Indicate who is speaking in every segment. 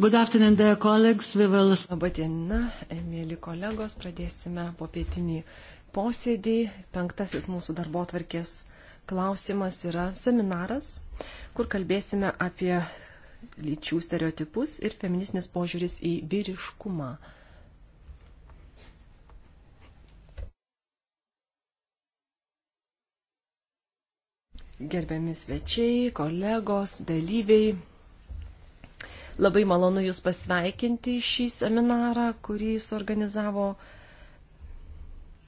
Speaker 1: Good afternoon, dear colleagues. We will... Labadiena, mėly kolegos, pradėsime popietinį posėdį. Penktasis mūsų darbo tvarkės klausimas yra seminaras, kur kalbėsime apie lyčių stereotipus ir feministinis požiūris į vyriškumą. Gerbiami svečiai, kolegos, dalyviai, Labai malonu Jūs pasveikinti šį seminarą, kurį suorganizavo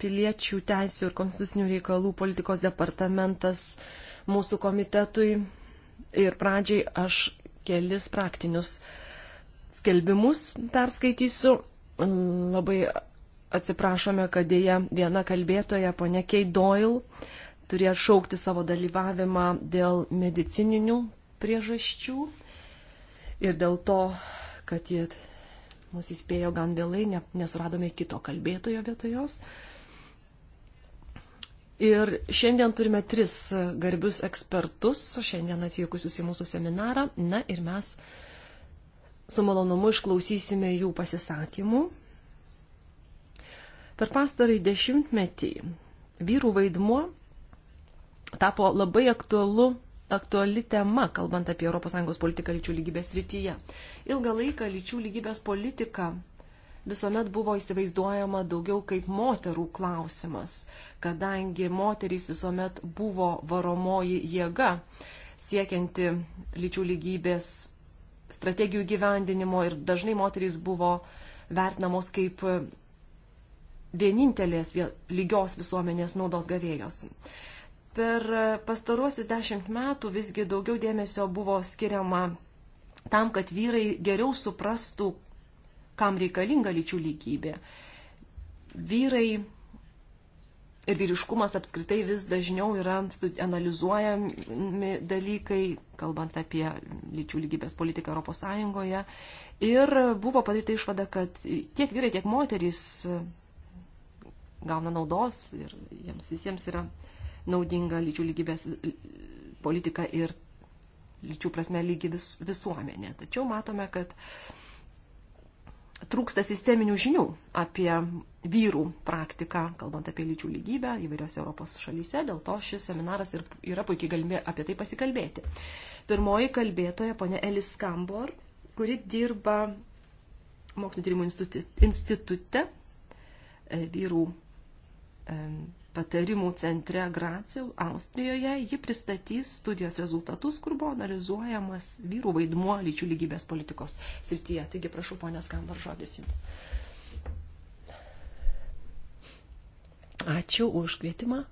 Speaker 1: piliečių teisų ir konstitucinių reikalų politikos departamentas mūsų komitetui. Ir pradžiai aš kelis praktinius skelbimus perskaitysiu. Labai atsiprašome, kad dėja viena kalbėtoja, ponia Kei Doyle, turėjo šaukti savo dalyvavimą dėl medicininių priežasčių ir dėl to, kad jie mus įspėjo gan vėlai, ne, nesuradome kito kalbėtojo vietoj jos. Ir šiandien turime tris garbius ekspertus, šiandien atvykusius į mūsų seminarą. Na ir mes su malonumu išklausysime jų pasisakymų. Per pastarąjį dešimtmetį vyrų vaidmuo tapo labai aktualu aktuali tema, kalbant apie ES politiką lyčių lygybės rytyje. Ilgą laiką lyčių lygybės politika visuomet buvo įsivaizduojama daugiau kaip moterų klausimas, kadangi moterys visuomet buvo varomoji jėga siekianti lyčių lygybės strategijų gyvendinimo ir dažnai moterys buvo vertinamos kaip vienintelės lygios visuomenės naudos gavėjos. Per pastaruosius dešimt metų visgi daugiau dėmesio buvo skiriama tam, kad vyrai geriau suprastų, kam reikalinga lyčių lygybė. Vyrai ir vyriškumas apskritai vis dažniau yra analizuojami dalykai, kalbant apie lyčių lygybės politiką ES. Ir buvo padaryta išvada, kad tiek vyrai, tiek moterys gauna naudos ir jiems visiems yra uh, naudingą lyčių lygybės politiką ir lyčių prasme lygi vis, visuomenė. Tačiau matome, kad trūksta sisteminių žinių apie vyrų praktiką, kalbant apie lyčių lygybę įvairiose Europos šalyse, dėl to šis seminaras ir yra puikiai galimybė apie tai pasikalbėti. Pirmoji kalbėtoja, ponė Elis Kambor, kuri dirba Mokslinio tyrimų institute, e, vyrų patarimų centre Gracijų, Austrijoje. Ji pristatys studijos rezultatus, kur buvo analizuojamas vyrų vaidmuo lyčių lygybės politikos srityje. Taigi prašau, ponės Kambar, žodis jums. Ačiū už kvietimą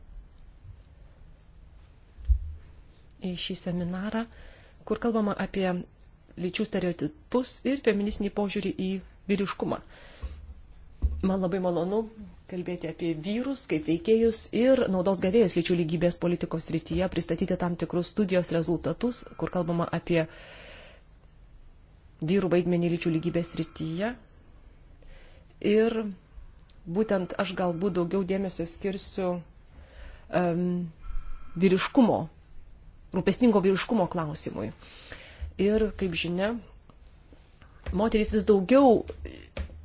Speaker 1: į šį seminarą, kur kalbama apie lyčių stereotipus ir feministinį požiūrį į vyriškumą. Man labai malonu kalbėti apie vyrus kaip veikėjus ir naudos gavėjus lyčių lygybės politikos rytyje, pristatyti tam tikrus studijos rezultatus, kur kalbama apie vyrų vaidmenį lyčių lygybės rytyje. Ir būtent aš galbūt daugiau dėmesio skirsiu um, vyriškumo, rūpestingo vyriškumo klausimui. Ir kaip žinia, moterys vis daugiau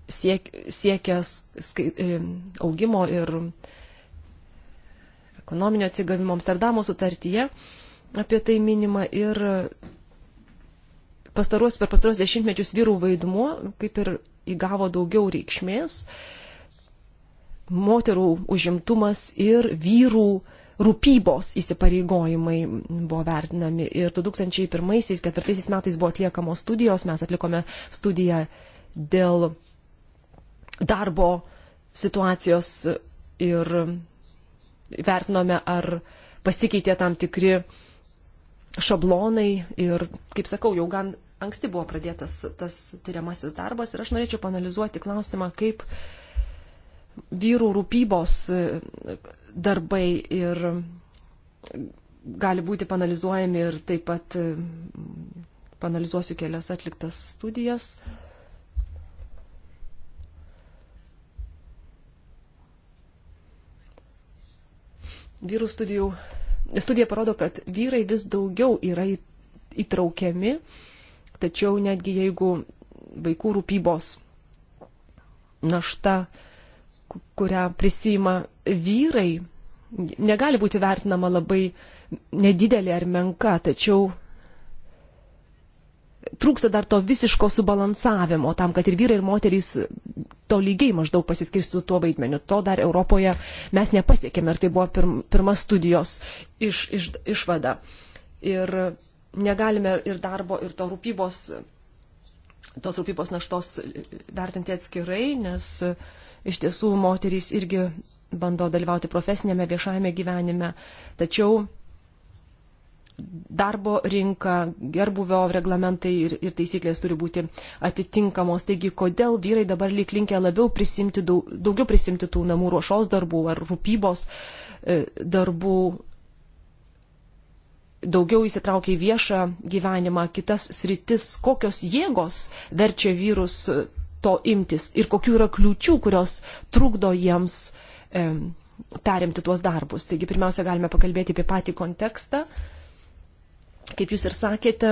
Speaker 1: siek, siekęs skai, e, augimo ir ekonominio atsigavimo Amsterdamo sutartyje apie tai minima ir pastaruos, per pastaruos dešimtmečius vyrų vaidmuo kaip ir įgavo daugiau reikšmės, moterų užimtumas ir vyrų rūpybos įsipareigojimai buvo vertinami. Ir 2001-2004 metais buvo atliekamos studijos, mes atlikome studiją dėl darbo situacijos ir vertinome, ar pasikeitė tam tikri šablonai ir, kaip sakau, jau gan anksti buvo pradėtas tas tyriamasis darbas ir aš norėčiau panalizuoti klausimą, kaip vyrų rūpybos darbai ir gali būti panalizuojami ir taip pat panalizuosiu kelias atliktas studijas. vyrų studijų, studija parodo, kad vyrai vis daugiau yra įtraukiami, tačiau netgi jeigu vaikų rūpybos našta, kurią prisima vyrai, negali būti vertinama labai nedidelė ar menka, tačiau trūksta dar to visiško subalansavimo tam, kad ir vyrai, ir moterys to lygiai maždaug pasiskirstų tuo vaidmeniu. To dar Europoje mes nepasiekėme ir tai buvo pirm, pirma studijos iš, iš, išvada. Ir negalime ir darbo, ir to rūpybos, tos rūpybos naštos vertinti atskirai, nes iš tiesų moterys irgi bando dalyvauti profesinėme viešajame gyvenime. Tačiau darbo rinka, gerbuvio reglamentai ir, ir taisyklės turi būti atitinkamos. Taigi, kodėl vyrai dabar lyg linkia labiau prisimti, daug, daugiau prisimti tų namų ruošos darbų ar rūpybos e, darbų, daugiau įsitraukia į viešą gyvenimą, kitas sritis, kokios jėgos verčia vyrus e, to imtis ir kokių yra kliūčių, kurios trukdo jiems e, perimti tuos darbus. Taigi pirmiausia, galime pakalbėti apie patį kontekstą. E, Kaip jūs ir sakėte,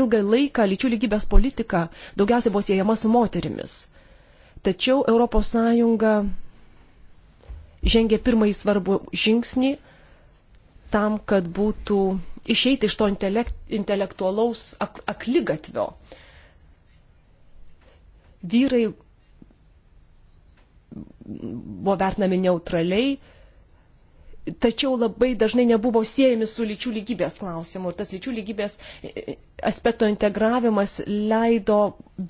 Speaker 1: ilgą laiką lyčių lygybės politika daugiausiai buvo siejama su moterimis. Tačiau ES žengė pirmąjį svarbų žingsnį tam, kad būtų išeiti iš to intelekt, intelektualaus ak, aklygatvio. Vyrai buvo vertinami neutraliai, tačiau labai dažnai nebuvo siejami su lyčių lygybės klausimu. Ir tas lyčių lygybės e, e, aspekto integravimas leido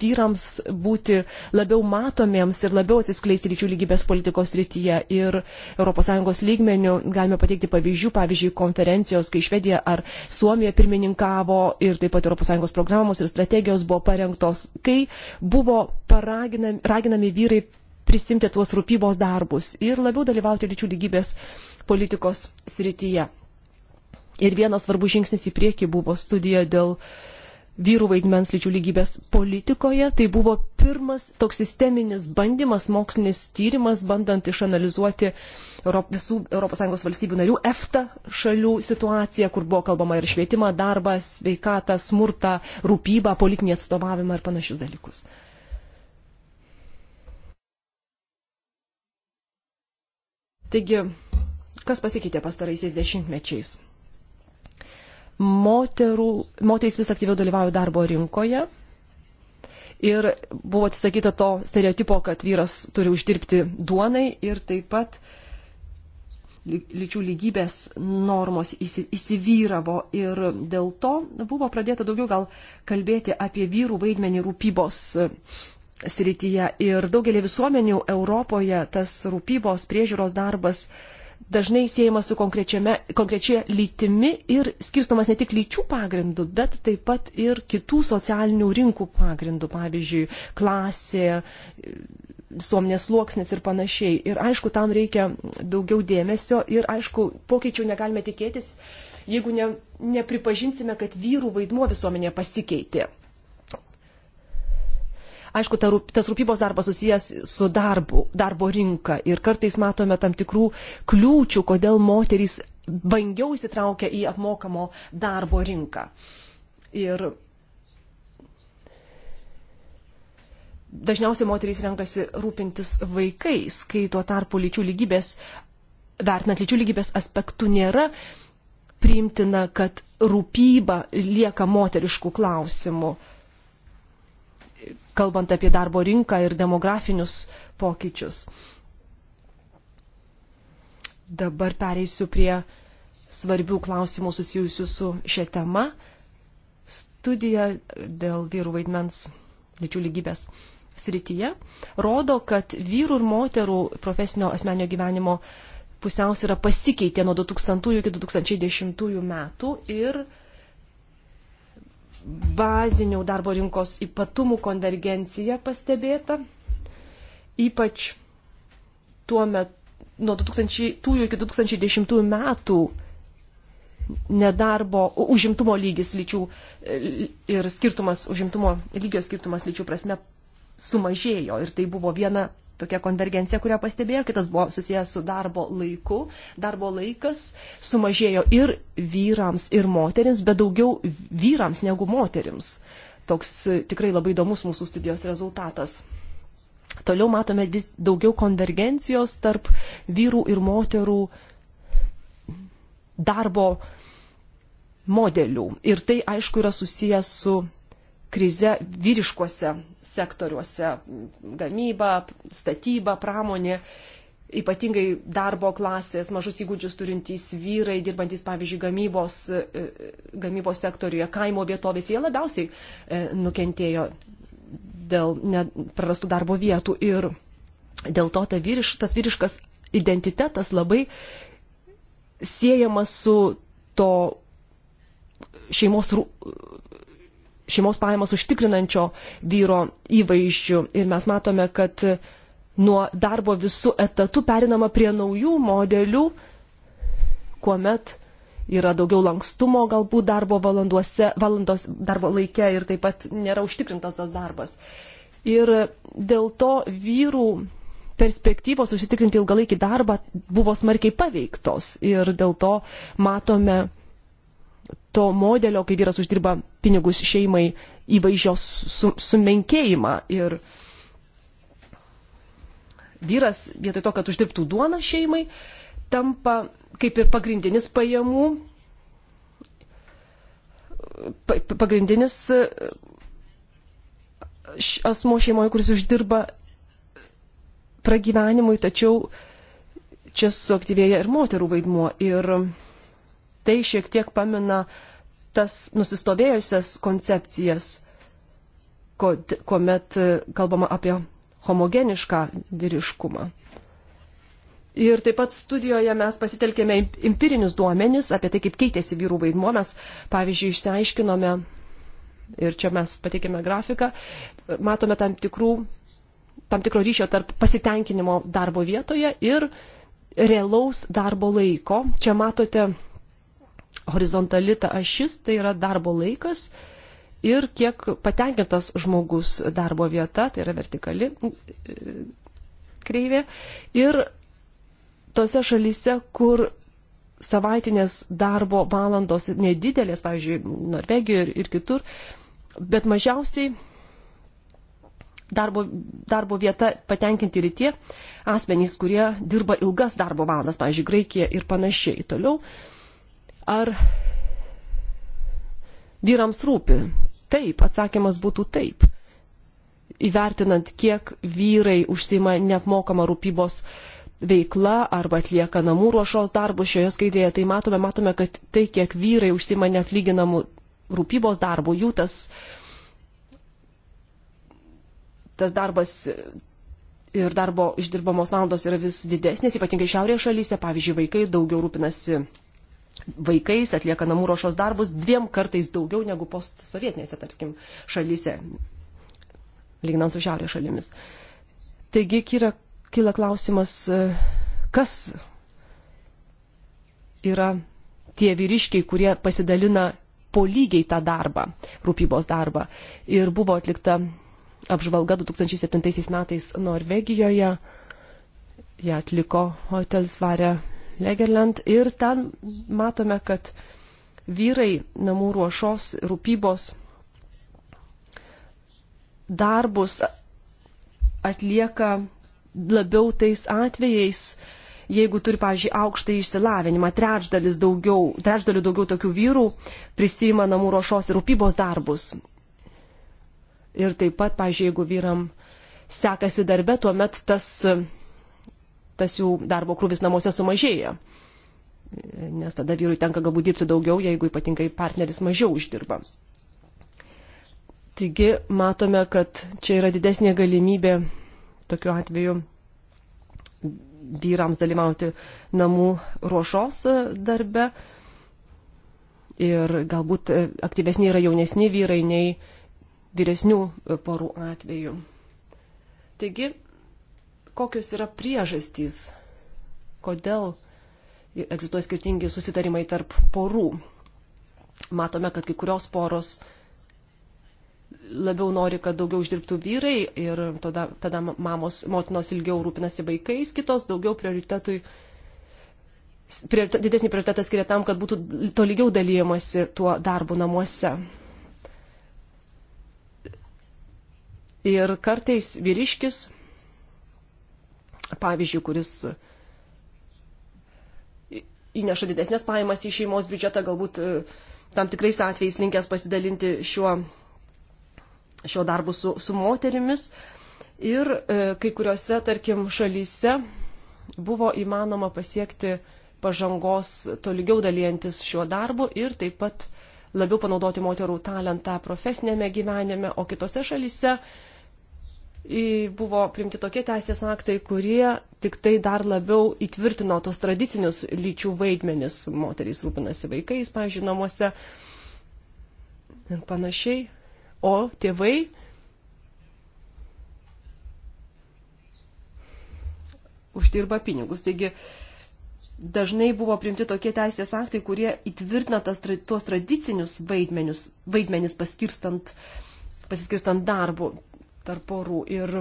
Speaker 1: vyrams būti labiau matomiems ir labiau atsiskleisti lyčių lygybės politikos rytyje. Ir ES lygmenių galime pateikti pavyzdžių, pavyzdžiui, konferencijos, kai Švedija ar Suomija pirmininkavo ir taip pat ES programos ir strategijos buvo parengtos, kai buvo paraginami raginami vyrai prisimti tuos rūpybos darbus ir labiau dalyvauti lyčių lygybės politikoje politikos srityje. Ir vienas svarbus žingsnis į priekį buvo studija dėl vyrų vaidmens lyčių lygybės politikoje. Tai buvo pirmas toks sisteminis bandymas, mokslinis tyrimas, bandant išanalizuoti Europ, visų ES valstybių narių EFTA šalių situaciją, kur buvo kalbama ir švietimą, darbą, sveikatą, smurtą, rūpybą, politinį atstovavimą ir panašius dalykus. Taigi, kas pasikeitė pastaraisiais dešimtmečiais. Moterų, moterys vis aktyviau dalyvauja darbo rinkoje ir buvo atsisakyta to stereotipo, kad vyras turi uždirbti duonai ir taip pat lyčių lygybės normos įsivyravo ir dėl to buvo pradėta daugiau gal kalbėti apie vyrų vaidmenį rūpybos e, srityje. Ir daugelį visuomenių Europoje tas rūpybos priežiūros darbas dažnai siejamas su konkrečia lytimi ir skirstomas ne tik lyčių pagrindu, bet taip pat ir kitų socialinių rinkų pagrindu, pavyzdžiui, klasė, visuomenės sluoksnis ir panašiai. Ir aišku, tam reikia daugiau dėmesio ir aišku, pokyčių negalime tikėtis, jeigu ne, nepripažinsime, kad vyrų vaidmuo visuomenėje pasikeitė. Aišku, ta, tas rūpybos darbas susijęs su darbu, darbo rinka ir kartais matome tam tikrų kliūčių, kodėl moterys vangiau įsitraukia į apmokamo darbo rinką. Ir dažniausiai moterys renkasi rūpintis vaikais, kai tuo tarpu lyčių lygybės, vertinant lyčių lygybės aspektų nėra priimtina, kad rūpyba lieka moteriškų klausimų kalbant apie darbo rinką ir demografinius pokyčius. Dabar pereisiu prie svarbių klausimų susijusių su šia tema. Studija dėl vyrų vaidmens lyčių lygybės srityje rodo, kad vyrų ir moterų profesinio asmenio gyvenimo pusiausvyrą pasikeitė nuo 2000 iki 2010 metų ir bazinių darbo rinkos ypatumų konvergencija pastebėta, ypač tuo metu, nuo 2000 iki 2010 metų nedarbo, užimtumo lygis lyčių e, ir skirtumas, užimtumo lygio skirtumas lyčių prasme sumažėjo ir tai buvo viena tokia konvergencija, kurią pastebėjau, kitas buvo susijęs su darbo laiku. Darbo laikas sumažėjo ir vyrams, ir moterims, bet daugiau vyrams negu moterims. Toks e, tikrai labai įdomus mūsų studijos rezultatas. Toliau matome vis daugiau konvergencijos tarp vyrų ir moterų darbo modelių. Ir tai, aišku, yra susijęs su krize vyriškuose sektoriuose - gamyba, statyba, pramonė, ypatingai darbo klasės, mažus įgūdžius turintys vyrai, dirbantys, pavyzdžiui, gamybos, e, gamybos sektoriuje, kaimo vietovėse, jie labiausiai e, nukentėjo dėl ne, prarastų darbo vietų ir dėl to ta vyriš, tas vyriškas identitetas labai siejamas su to šeimos rū, šeimos pajamas užtikrinančio vyro įvaizdžių. Ir mes matome, kad nuo darbo visų etatų perinama prie naujų modelių, kuomet yra daugiau lankstumo galbūt darbo valanduose, valandos darbo laike ir taip pat nėra užtikrintas tas darbas. Ir dėl to vyrų perspektyvos užsitikrinti ilgalaikį darbą buvo smarkiai paveiktos ir dėl to matome to modelio, kai vyras uždirba pinigus šeimai įvaizdžios sumenkėjimą. Ir vyras vietoj to, kad uždirbtų duoną šeimai, tampa kaip ir pagrindinis pajamų, pagrindinis asmo šeimoje, kuris uždirba pragyvenimui, tačiau čia suaktyvėja ir moterų vaidmuo. Ir tai šiek tiek pamina tas nusistovėjusias koncepcijas, kuomet e, kalbama apie homogenišką vyriškumą. Ir taip pat studijoje mes pasitelkėme empirinius duomenis apie tai, kaip keitėsi vyrų vaidmuo. Mes, pavyzdžiui, išsiaiškinome, ir čia mes pateikėme grafiką, matome tam, tikrų, tam tikro ryšio tarp pasitenkinimo darbo vietoje ir realaus darbo laiko. Čia matote horizontali ta ašis, tai yra darbo laikas ir kiek patenkintas žmogus darbo vieta, tai yra vertikali e, kreivė. Ir tose šalyse, kur savaitinės darbo valandos nedidelės, pavyzdžiui, Norvegijoje ir, ir kitur, bet mažiausiai darbo, darbo vieta patenkinti ir tie asmenys, kurie dirba ilgas darbo valandas, pavyzdžiui, Graikija ir panašiai. Toliau Ar vyrams rūpi? Taip, atsakymas būtų taip. Įvertinant, kiek vyrai užsima neapmokama rūpybos veikla arba atlieka namų ruošos darbus šioje skaidrėje, tai matome, matome, kad tai, kiek vyrai užsima neatlyginamu rūpybos darbu, jų tas, tas darbas ir darbo išdirbamos valandos yra vis didesnės, ypatingai šiaurės šalyse, pavyzdžiui, vaikai daugiau rūpinasi vaikais, atlieka namų ruošos darbus dviem kartais daugiau negu postsovietinėse, tarkim, šalyse, lyginant su šiaurės šalimis. Taigi kyla, kyla klausimas, kas yra tie vyriškiai, kurie pasidalina po lygiai tą darbą, rūpybos darbą. Ir buvo atlikta apžvalga 2007 metais Norvegijoje, ją atliko Hotelsvare Legerland ir ten matome, kad vyrai namų ruošos, rūpybos darbus atlieka labiau tais atvejais, jeigu turi, pavyzdžiui, aukštą išsilavinimą, trečdalis daugiau, trečdaliu daugiau tokių vyrų prisima namų ruošos ir rūpybos darbus. Ir taip pat, pavyzdžiui, jeigu vyram sekasi darbė, tuomet tas tas jų darbo krūvis namuose sumažėja. Nes tada vyrui tenka galbūt dirbti daugiau, jeigu ypatingai partneris mažiau uždirba. Taigi matome, kad čia yra didesnė galimybė tokiu atveju vyrams dalyvauti namų ruošos darbe. Ir galbūt aktyvesni yra jaunesni vyrai nei vyresnių porų atveju. Taigi kokios yra priežastys, kodėl egzistuoja skirtingi susitarimai tarp porų. Matome, kad kai kurios poros labiau nori, kad daugiau uždirbtų vyrai ir tada, tada mamos, motinos ilgiau rūpinasi vaikais, kitos daugiau prioritetui, priorite, didesnį prioritetą skiria tam, kad būtų tolygiau dalyjamasi tuo darbu namuose. Ir kartais vyriškis pavyzdžiui, kuris įneša didesnės pajamas į šeimos biudžetą, galbūt e, tam tikrais atvejais linkęs pasidalinti šiuo, šiuo darbu su, su moterimis. Ir e, kai kuriuose, tarkim, šalyse buvo įmanoma pasiekti pažangos tolygiau dalyjantis šiuo darbu ir taip pat labiau panaudoti moterų talentą profesinėme gyvenime, o kitose šalyse buvo primti tokie teisės aktai, kurie tik tai dar labiau įtvirtino tos tradicinius lyčių vaidmenis. Moterys rūpinasi vaikais, pavyzdžiui, namuose ir panašiai. O tėvai uždirba pinigus. Taigi dažnai buvo primti tokie teisės aktai, kurie įtvirtina tas, tuos tradicinius vaidmenius, vaidmenis paskirstant pasiskirstant darbu tarp porų. Ir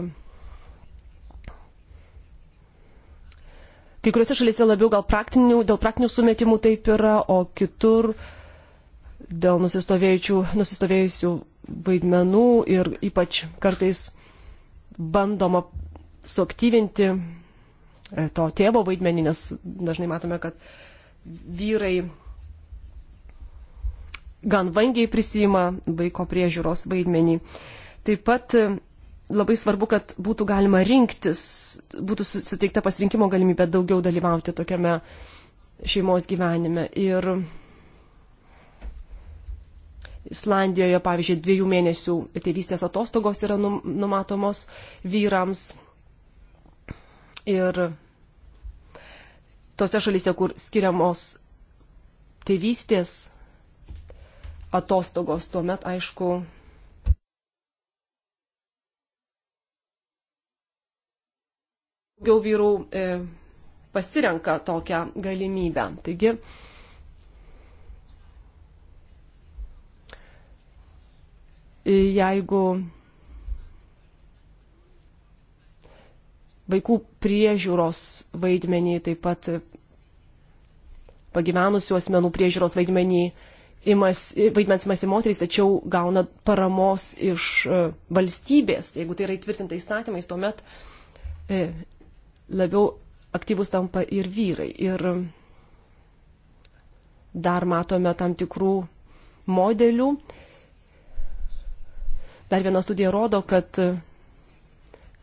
Speaker 1: kai kuriuose šalyse labiau gal praktinių, dėl praktinių sumetimų taip yra, o kitur dėl nusistovėjusių vaidmenų ir ypač kartais bandoma suaktyvinti e, to tėvo vaidmenį, nes dažnai matome, kad vyrai gan vangiai prisima vaiko priežiūros vaidmenį. Taip pat labai svarbu, kad būtų galima rinktis, būtų suteikta pasirinkimo galimybė daugiau dalyvauti tokiame šeimos gyvenime. Ir Islandijoje, pavyzdžiui, dviejų mėnesių tėvystės atostogos yra numatomos vyrams. Ir tose šalyse, kur skiriamos tėvystės atostogos, tuomet, aišku, daugiau vyrų e, pasirenka tokią galimybę. Taigi, jeigu vaikų priežiūros vaidmenį, taip pat pagyvenusių asmenų priežiūros vaidmenį, imas, vaidmens imasi moterys, tačiau gauna paramos iš e, valstybės. Jeigu tai yra įtvirtinta įstatymais, tuomet e, labiau aktyvus tampa ir vyrai. Ir dar matome tam tikrų modelių. Dar viena studija rodo, kad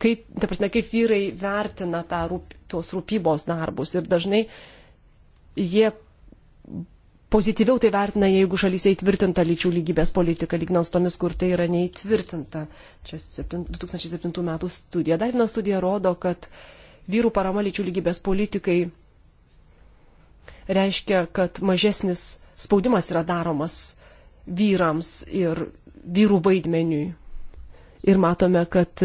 Speaker 1: kaip, ta prasme, kaip vyrai vertina tą, rūp, tuos rūpybos darbus ir dažnai jie pozityviau tai vertina, jeigu šalyse įtvirtinta lyčių lygybės politika, lygnant su tomis, kur tai yra neįtvirtinta. Čia 2007 metų studija. Dar viena studija rodo, kad uh, vyrų parama lyčių lygybės politikai reiškia, kad mažesnis spaudimas yra daromas vyrams ir vyrų vaidmeniui. Ir matome, kad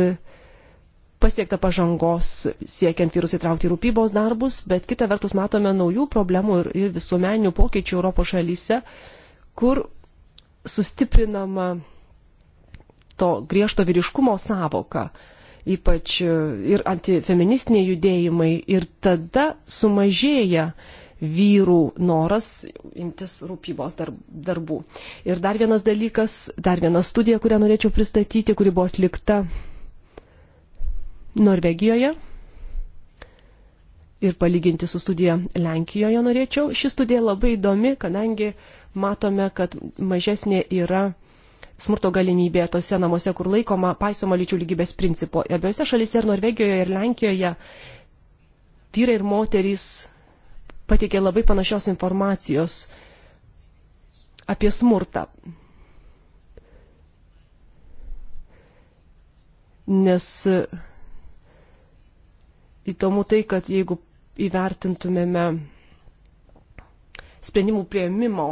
Speaker 1: pasiekta pažangos siekiant vyrus įtraukti į rūpybos darbus, bet kita vertus matome naujų problemų ir, ir visuomeninių pokyčių Europos šalyse, kur sustiprinama to griežto vyriškumo savoka, ypač e, ir antifeministiniai judėjimai, ir tada sumažėja vyrų noras imtis rūpybos dar, darbų. Ir dar vienas dalykas, dar viena studija, kurią norėčiau pristatyti, kuri buvo atlikta Norvegijoje ir palyginti su studija Lenkijoje norėčiau. Ši studija labai įdomi, kadangi matome, kad mažesnė yra smurto galimybė tose namuose, kur laikoma paisoma lyčių lygybės principo. Abiejose šalise ir Norvegijoje ir Lenkijoje vyrai ir moterys pateikė labai panašios informacijos apie smurtą. Nes įdomu tai, kad jeigu įvertintumėme sprendimų prieimimo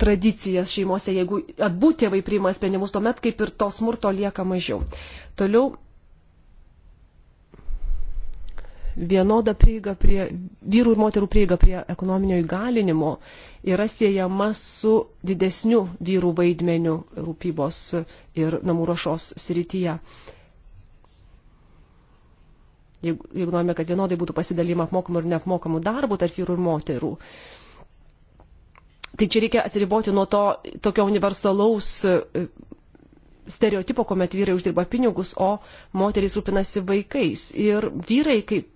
Speaker 1: tradicijas šeimose, jeigu abu tėvai priima sprendimus, tuomet kaip ir to smurto lieka mažiau. Toliau vienoda prieiga prie vyrų ir moterų prieiga prie ekonominio įgalinimo yra siejama su didesniu vyrų vaidmeniu rūpybos ir namų ruošos srityje. Jeigu, jeigu norime, kad vienodai būtų pasidalima apmokamų ir neapmokamų darbų tarp vyrų ir moterų, uh, Tai čia reikia atsiriboti nuo to tokio universalaus e, stereotipo, kuomet vyrai uždirba pinigus, o moterys rūpinasi vaikais. Ir vyrai kaip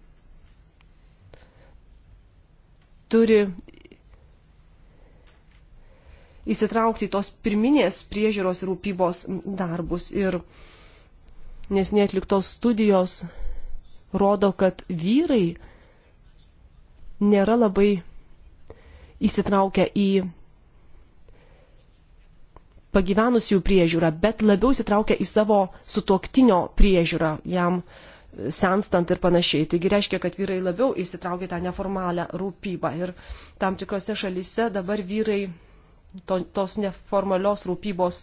Speaker 1: turi įsitraukti į tos pirminės priežiūros ir rūpybos darbus. Ir nes neatliktos studijos rodo, kad vyrai nėra labai įsitraukia į pagyvenusių priežiūrą, bet labiau įsitraukia į savo sutuoktinio priežiūrą, jam senstant ir panašiai. Taigi reiškia, kad vyrai labiau įsitraukia tą neformalią rūpybą. Ir tam tikrose šalise dabar vyrai to, tos neformalios rūpybos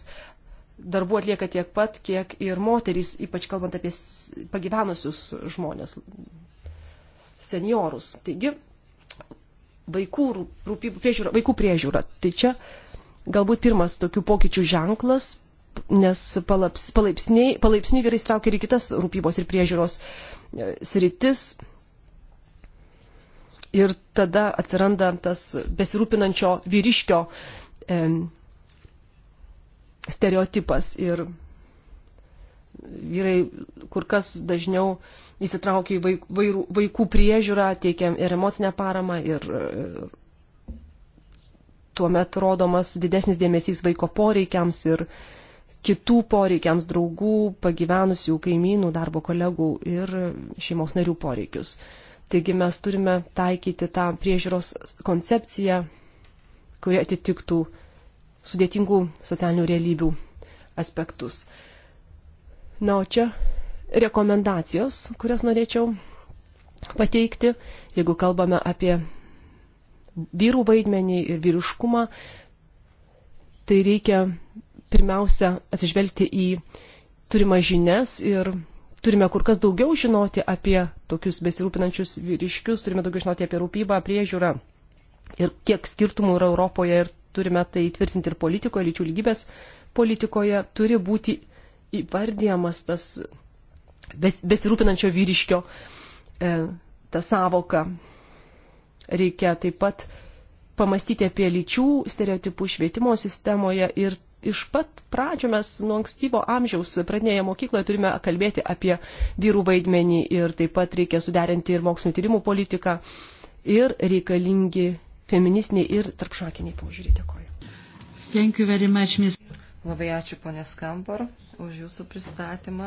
Speaker 1: darbų atlieka tiek pat, kiek ir moterys, ypač kalbant apie pagyvenusius žmonės, seniorus. Taigi vaikų, rūpybų, priežiūra, vaikų priežiūra. Tai čia galbūt pirmas tokių pokyčių ženklas, nes palaps, palaipsniui, palaipsniui gerai įtraukia ir kitas rūpybos ir priežiūros e, sritis. Ir tada atsiranda tas besirūpinančio vyriškio stereotipas. Ir vyrai kur kas dažniau įsitraukia į vaikų, vaikų priežiūrą, teikia ir emocinę paramą, ir e, tuomet rodomas didesnis dėmesys vaiko poreikiams ir kitų poreikiams draugų, pagyvenusių kaimynų, darbo kolegų ir šeimos narių poreikius. Taigi mes turime taikyti tą priežiūros koncepciją, kuri atitiktų sudėtingų socialinių realybių aspektus. Na, o čia rekomendacijos, kurias norėčiau pateikti, jeigu kalbame apie vyrų vaidmenį ir vyriškumą, tai reikia pirmiausia atsižvelgti į turimą žinias ir turime kur kas daugiau žinoti apie tokius besirūpinančius vyriškius, turime daugiau žinoti apie rūpybą, priežiūrą ir kiek skirtumų yra Europoje ir turime tai tvirtinti ir politikoje, lyčių lygybės politikoje turi būti įvardyjamas tas bes, besirūpinančio vyriškio e, ta savoka. Reikia taip pat pamastyti apie lyčių stereotipų švietimo sistemoje ir iš pat pradžio mes nuo ankstyvo amžiaus pradinėje mokykloje turime kalbėti apie vyrų vaidmenį ir taip pat reikia suderinti ir mokslinio tyrimų politiką ir reikalingi feministiniai ir tarpšakiniai požiūriai.
Speaker 2: Dėkoju. Much, Labai ačiū, ponė Skampar už jūsų pristatymą.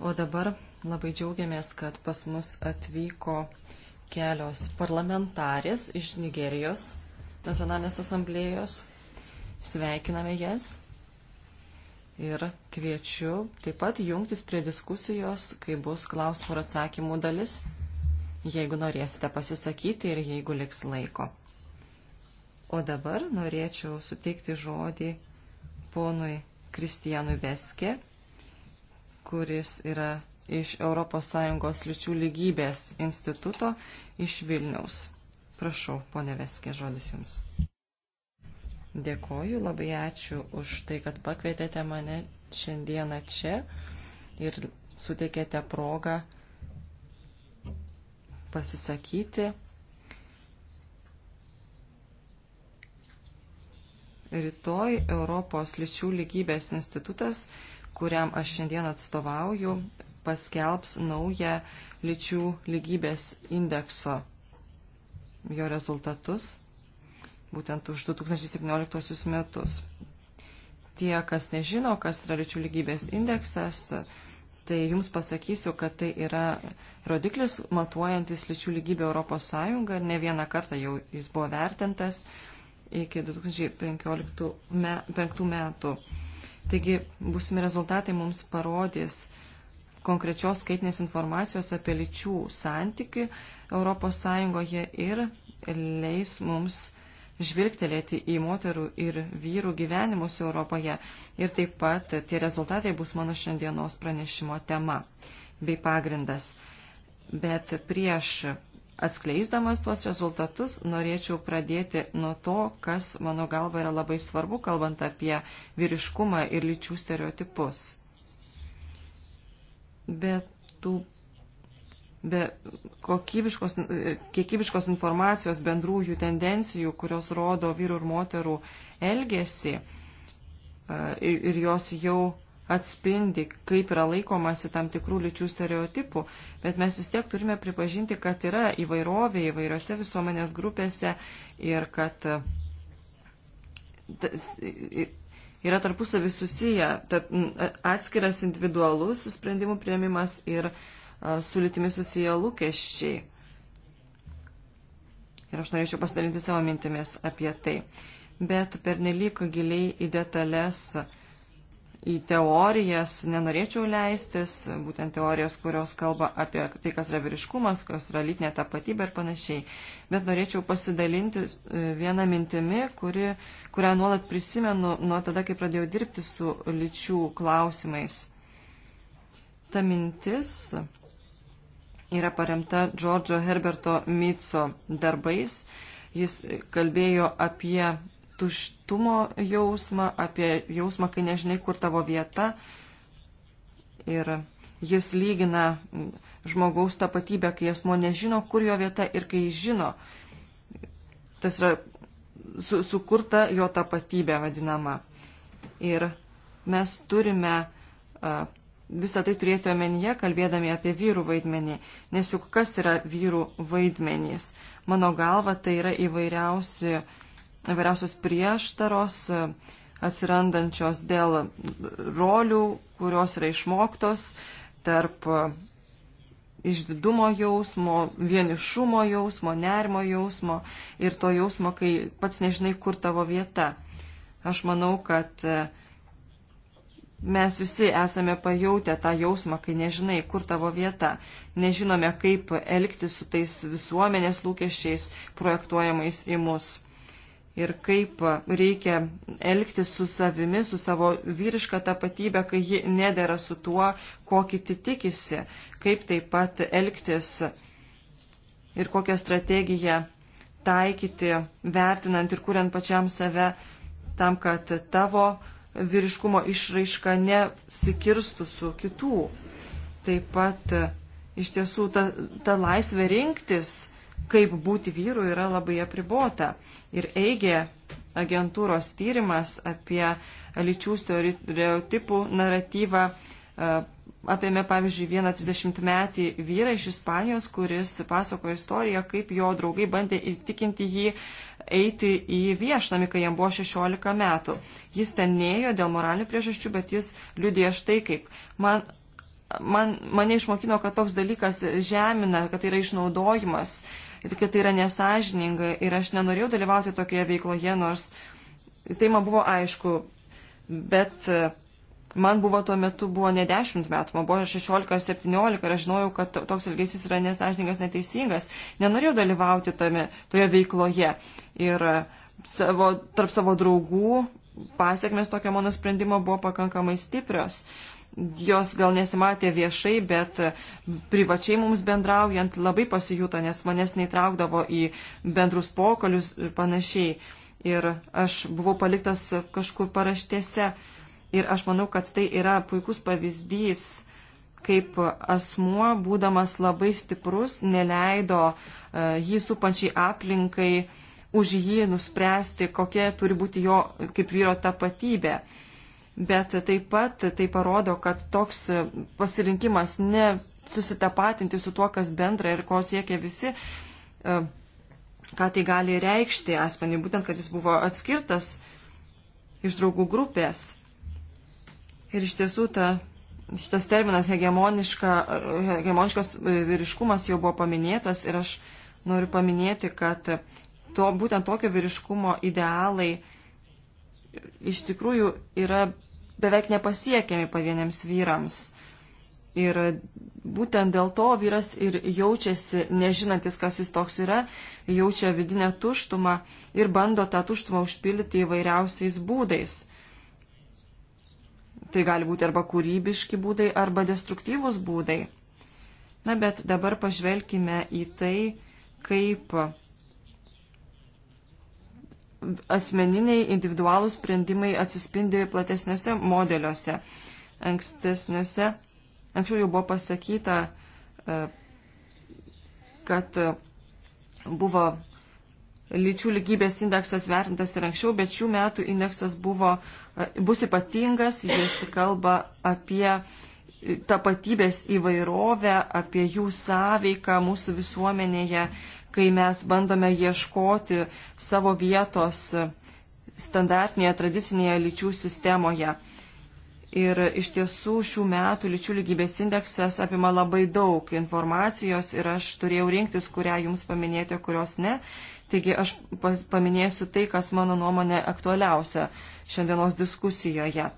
Speaker 2: O dabar labai džiaugiamės, kad pas mus atvyko kelios parlamentarės iš Nigerijos nacionalinės asamblėjos. Sveikiname jas ir kviečiu taip pat jungtis prie diskusijos, kai bus klausimų ir atsakymų dalis, jeigu norėsite pasisakyti ir jeigu liks laiko. O dabar norėčiau suteikti žodį ponui Kristijanui Veskė, kuris yra iš ES lyčių lygybės instituto iš Vilniaus. Prašau, ponė Veskė, žodis Jums. Dėkoju, labai ačiū už tai, kad pakvietėte mane šiandieną čia ir suteikėte progą pasisakyti Rytoj Europos lyčių lygybės institutas, kuriam aš šiandien atstovauju, paskelbs naują lyčių lygybės indekso jo rezultatus, būtent už 2017 metus. Tie, kas nežino, kas yra lyčių lygybės indeksas, tai jums pasakysiu, kad tai yra rodiklis matuojantis lyčių lygybę Europos Sąjungą. Ne vieną kartą jau jis buvo vertintas iki 2005 metų. Taigi būsimi rezultatai mums parodys konkrečios skaitinės informacijos apie lyčių santykių ES ir leis mums žvilgtelėti į moterų ir vyrų gyvenimus Europoje. Ir taip pat tie rezultatai bus mano šiandienos pranešimo tema bei pagrindas. Bet prieš Atskleisdamas tuos rezultatus norėčiau pradėti nuo to, kas mano galva yra labai svarbu, kalbant apie vyriškumą ir lyčių stereotipus. Bet tų be kokybiškos, kiekybiškos informacijos bendrųjų tendencijų, kurios rodo vyrų ir moterų elgesį e, ir jos jau atspindi, kaip yra laikomasi tam tikrų lyčių stereotipų, bet mes vis tiek turime pripažinti, kad yra įvairovė įvairiose visuomenės grupėse ir kad e, e, yra tarpusavį susiję tarp, e, atskiras individualus sprendimų prieimimas ir su lytimi susiję lūkesčiai. Ir aš norėčiau pasidalinti savo mintimis apie tai. Bet pernelyg giliai į detalės uh, į teorijas nenorėčiau leistis, būtent teorijas, kurios kalba apie tai, kas yra vyriškumas, kas yra lytinė tapatybė ir panašiai. Bet norėčiau pasidalinti e, vieną mintimį, kuri, kurią nuolat prisimenu nuo tada, kai pradėjau dirbti su lyčių klausimais. Ta mintis yra paremta Džordžo Herberto Mitso darbais. Jis kalbėjo apie tuštumo jausmą, apie jausmą, kai nežinai, kur tavo vieta. Ir jis lygina žmogaus tapatybę, kai asmo nežino, kur jo vieta ir kai jis žino. Tas yra su, sukurta jo tapatybė vadinama. Ir mes turime uh, visą tai turėti omenyje, kalbėdami apie vyrų vaidmenį, nes juk kas yra vyrų vaidmenys? Mano galva, tai yra įvairiausi uh, įvairiausios prieštaros e, atsirandančios dėl rolių, kurios yra išmoktos tarp e, išdidumo jausmo, vienišumo jausmo, nerimo jausmo ir to jausmo, kai pats nežinai, kur tavo vieta. Aš manau, kad e, mes visi esame pajautę tą jausmą, kai nežinai, kur tavo vieta. Nežinome, kaip elgtis su tais visuomenės lūkesčiais projektuojamais į mus ir kaip reikia elgti su savimi, su savo vyriška tapatybė, kai ji nedėra su tuo, ko kiti tikisi, kaip taip pat elgtis ir kokią strategiją taikyti, vertinant ir kuriant pačiam save tam, kad tavo vyriškumo išraiška nesikirstų su kitų. Taip pat iš tiesų ta, ta laisvė rinktis, kaip būti vyru yra labai apribota. Ir eigė agentūros tyrimas apie lyčių stereotipų naratyvą e, apėmė, pavyzdžiui, vieną 30-metį vyrą iš Ispanijos, kuris pasakojo istoriją, kaip jo draugai bandė įtikinti jį eiti į viešnamį, kai jam buvo 16 metų. Jis ten neėjo dėl moralinių priežasčių, bet jis liudėjo štai kaip. Man, man, mane išmokino, kad toks dalykas žemina, kad tai yra išnaudojimas. Uh, kad tai yra nesažininga ir aš nenorėjau dalyvauti tokioje veikloje, nors tai man buvo aišku, bet e, man buvo tuo metu buvo ne 10 metų, man buvo 16-17 ir aš žinojau, kad toks elgesys yra nesažiningas, neteisingas. Nenorėjau dalyvauti tame, toje veikloje. Ir e, savo, tarp savo draugų pasiekmes tokio mano sprendimo buvo pakankamai stiprios. Uh, jos gal nesimatė viešai, bet privačiai mums bendraujant labai pasijuto, nes manęs neįtraukdavo į bendrus pokalius ir panašiai. Ir aš buvau paliktas kažkur paraštėse. Ir aš manau, kad tai yra puikus pavyzdys, kaip asmuo, būdamas labai stiprus, neleido uh, jį supančiai aplinkai už jį nuspręsti, kokia turi būti jo kaip vyro tapatybė. Uh, bet taip pat tai parodo, kad toks pasirinkimas ne susitapatinti su tuo, kas bendra ir ko siekia visi, e, ką tai gali reikšti asmenį, būtent, kad jis buvo atskirtas iš draugų grupės. Ir iš tiesų ta, šitas terminas hegemoniška, hegemoniškas vyriškumas jau buvo paminėtas ir aš noriu paminėti, kad to, būtent tokio vyriškumo idealai iš tikrųjų yra beveik nepasiekiami pavieniams vyrams. Ir būtent dėl to vyras ir jaučiasi nežinantis, kas jis toks yra, jaučia vidinę tuštumą ir bando tą tuštumą užpildyti įvairiausiais būdais. Tai gali būti arba kūrybiški būdai, arba destruktyvūs būdai. Na bet dabar pažvelkime į tai, kaip asmeniniai individualūs sprendimai atsispindi platesniuose modeliuose. Ankstesniuose, anksčiau jau buvo pasakyta, e, kad e, buvo lyčių lygybės indeksas vertintas ir anksčiau, bet šių metų indeksas buvo, e, bus ypatingas, jis kalba apie tapatybės įvairovę, apie jų sąveiką mūsų visuomenėje, kai mes bandome ieškoti savo vietos standartinėje tradicinėje lyčių sistemoje. Ir iš tiesų šių metų lyčių lygybės indeksas apima labai daug informacijos ir aš turėjau rinktis, kurią jums paminėti, kurios ne. Taigi aš paminėsiu tai, kas mano nuomonė aktualiausia šiandienos diskusijoje.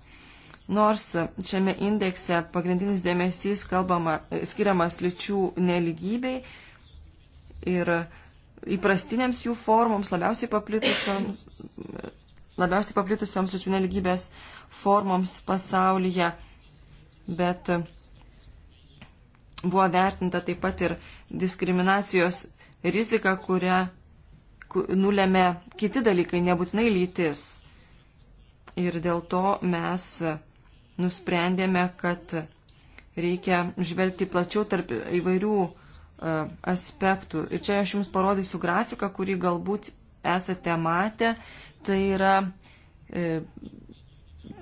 Speaker 2: Nors šiame indekse pagrindinis dėmesys kalbama, skiriamas lyčių neligybei, ir įprastinėms jų formoms, labiausiai paplitusioms, labiausiai paplitusioms lyčių neligybės formoms pasaulyje, bet buvo vertinta taip pat ir diskriminacijos rizika, kurią nulėmė kiti dalykai, nebūtinai lytis. Ir dėl to mes nusprendėme, kad reikia žvelgti plačiau tarp įvairių E, aspektų. Ir čia aš Jums parodysiu grafiką, kurį galbūt esate matę. Tai yra e,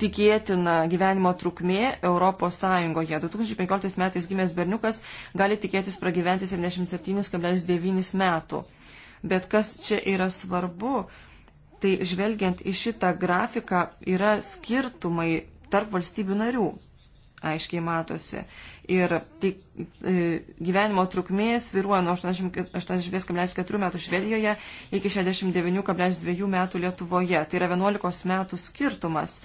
Speaker 2: tikėtina gyvenimo trukmė Europos Sąjungoje. 2015 metais gimęs berniukas gali tikėtis pragyventi 77,9 metų. Bet kas čia yra svarbu, tai žvelgiant į šitą grafiką yra skirtumai tarp valstybių narių aiškiai matosi. Ir tai, e, gyvenimo trukmė sviruoja nuo 80,4 metų Švedijoje iki 69,2 metų Lietuvoje. Tai yra 11 metų skirtumas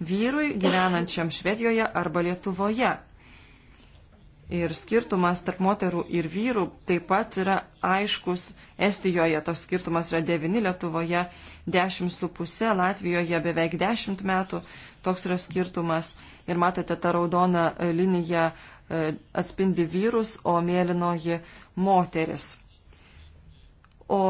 Speaker 2: vyrui gyvenančiam Švedijoje arba Lietuvoje. Ir skirtumas tarp moterų ir vyrų taip pat yra aiškus. Estijoje tas skirtumas yra 9 Lietuvoje, 10,5 Latvijoje beveik 10 metų, Toks yra skirtumas. Ir matote, ta raudona linija e, atspindi vyrus, o mėlynoji moteris. O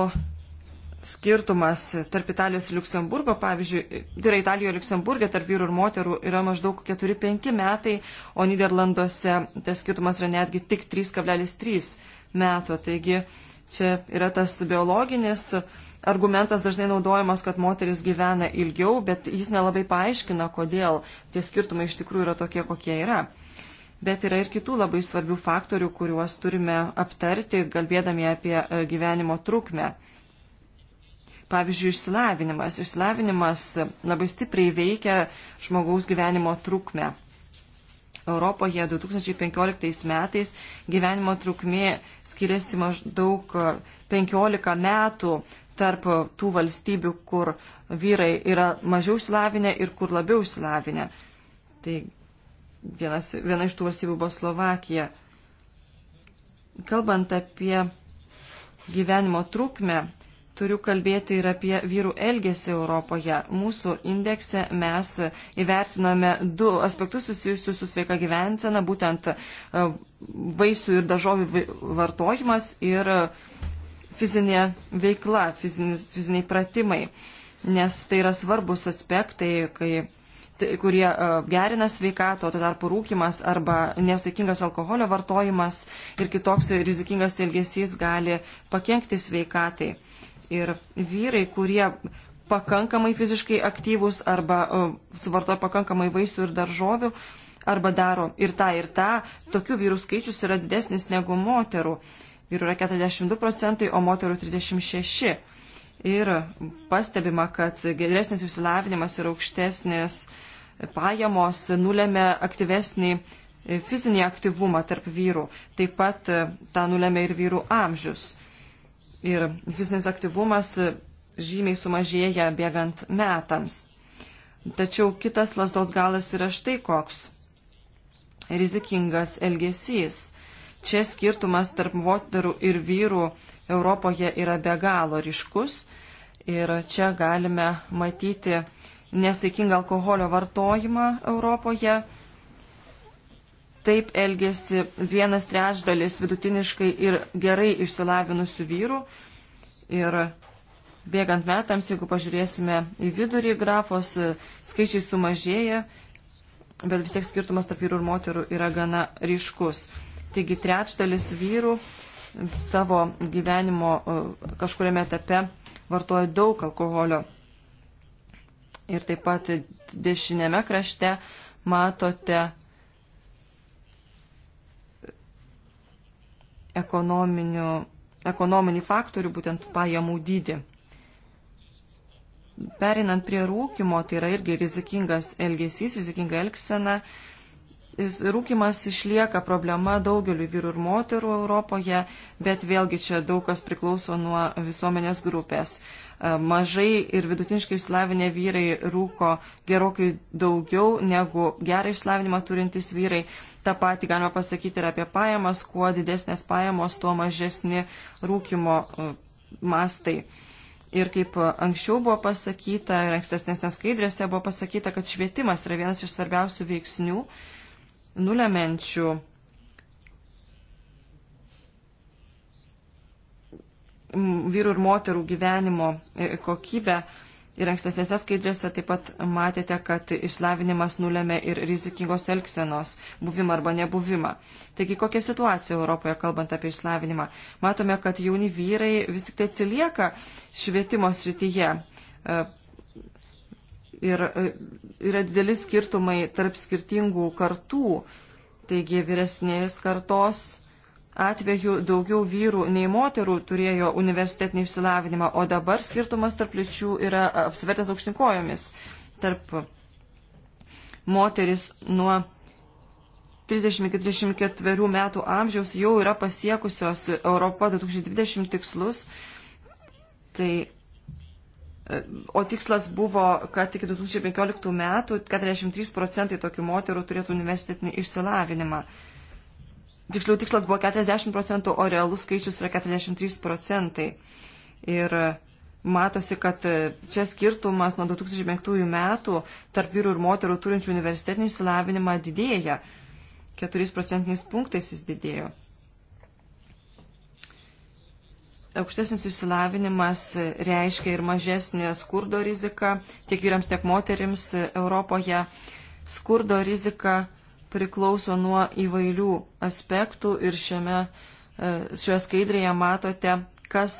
Speaker 2: skirtumas tarp Italijos ir Luksemburgo, pavyzdžiui, tai yra Italijoje ir Luksemburgė tarp vyrų ir moterų yra maždaug 4-5 metai, o Niderlanduose tas skirtumas yra netgi tik 3,3 metų. Taigi čia yra tas biologinis uh, argumentas dažnai naudojamas, kad moteris gyvena ilgiau, bet jis nelabai paaiškina, kodėl tie skirtumai iš tikrųjų yra tokie, kokie yra. Bet yra ir kitų labai svarbių faktorių, kuriuos turime aptarti, kalbėdami apie e, gyvenimo trukmę. Pavyzdžiui, išsilavinimas. Išsilavinimas labai stipriai veikia žmogaus gyvenimo trukmę. Europoje 2015 metais gyvenimo trukmė skiriasi maždaug 15 e, metų tarp tų valstybių, kur vyrai yra mažiau išsilavinę ir kur labiau išsilavinę. Tai vienas, viena iš tų valstybių buvo Slovakija. Kalbant apie gyvenimo trukmę, turiu kalbėti ir apie vyrų elgesį Europoje. Mūsų indekse mes įvertiname du aspektus susijusius su sveika gyvensena, būtent e, vaisių ir dažovių vartojimas ir fizinė veikla, fizinis, fiziniai pratimai, nes tai yra svarbus aspektai, kai kurie e, gerina sveikatą, o tuo tarpu rūkimas arba nesaikingas alkoholio vartojimas ir kitoks rizikingas elgesys gali pakengti sveikatai. Ir vyrai, kurie pakankamai fiziškai aktyvus arba e, suvartoja pakankamai vaisių ir daržovių, arba daro ir tą, ir tą, tokių vyrų skaičius yra didesnis negu moterų vyrų yra 42 procentai, o moterų 36. Ir pastebima, kad geresnis išsilavinimas ir aukštesnės pajamos nulėmė aktyvesnį fizinį aktyvumą tarp vyrų. Taip pat e, tą nulėmė ir vyrų amžius. Ir fizinis aktyvumas e, žymiai sumažėja bėgant metams. Tačiau kitas lasdos galas yra štai koks. Rizikingas elgesys Čia skirtumas tarp moterų ir vyrų Europoje yra be galo ryškus ir čia galime matyti nesaikingą alkoholio vartojimą Europoje. Taip elgesi vienas trečdalis vidutiniškai ir gerai išsilavinusių vyrų. Ir bėgant metams, jeigu pažiūrėsime į vidurį grafos, skaičiai sumažėja, bet vis tiek skirtumas tarp vyrų ir moterų yra gana ryškus. Taigi trečdalis vyrų savo gyvenimo e, kažkuriame etape vartoja daug alkoholio. Ir taip pat dešinėme krašte matote ekonominį faktorių, būtent pajamų dydį. Perinant prie rūkimo, tai yra irgi rizikingas elgesys, rizikinga elgsena, rūkimas išlieka problema daugeliu vyrų ir moterų Europoje, bet vėlgi čia daug kas priklauso nuo visuomenės grupės. E, mažai ir vidutiniškai išslavinę vyrai rūko gerokai daugiau negu gerą išslavinimą turintys vyrai. Ta pati galima pasakyti ir apie pajamas, kuo didesnės pajamos, tuo mažesni rūkimo e, mastai. Ir kaip anksčiau buvo pasakyta, ir ankstesnėse skaidrėse buvo pasakyta, kad švietimas yra vienas iš svarbiausių veiksnių, uh, nulemenčių vyrų ir moterų gyvenimo e, kokybę. Ir ankstesnėse skaidrėse taip pat matėte, kad išslavinimas nulėmė ir rizikingos elgsenos buvimą arba nebuvimą. Taigi kokia situacija Europoje, kalbant apie išslavinimą? Matome, kad jauni vyrai vis tik tai atsilieka švietimo srityje e, ir e, yra dideli skirtumai tarp skirtingų kartų. Taigi vyresnės kartos atveju daugiau vyrų nei moterų turėjo universitetinį išsilavinimą, o dabar skirtumas tarp lyčių yra apsivertęs aukštinkojomis. Tarp moteris nuo 30-44 metų amžiaus jau yra pasiekusios Europa 2020 tikslus. Tai O tikslas buvo, kad iki 2015 metų 43 procentai tokių moterų turėtų universitetinį išsilavinimą. Tiksliau, tikslas buvo 40 procentų, o realus skaičius yra 43 procentai. Ir matosi, kad čia skirtumas nuo 2005 metų tarp vyrų ir moterų turinčių universitetinį išsilavinimą didėja. 4 procentiniais punktais jis didėjo. aukštesnis išsilavinimas reiškia ir mažesnė skurdo rizika tiek vyrams, tiek moterims Europoje. Skurdo rizika priklauso nuo įvairių aspektų ir šiame, e, šioje skaidrėje matote, kas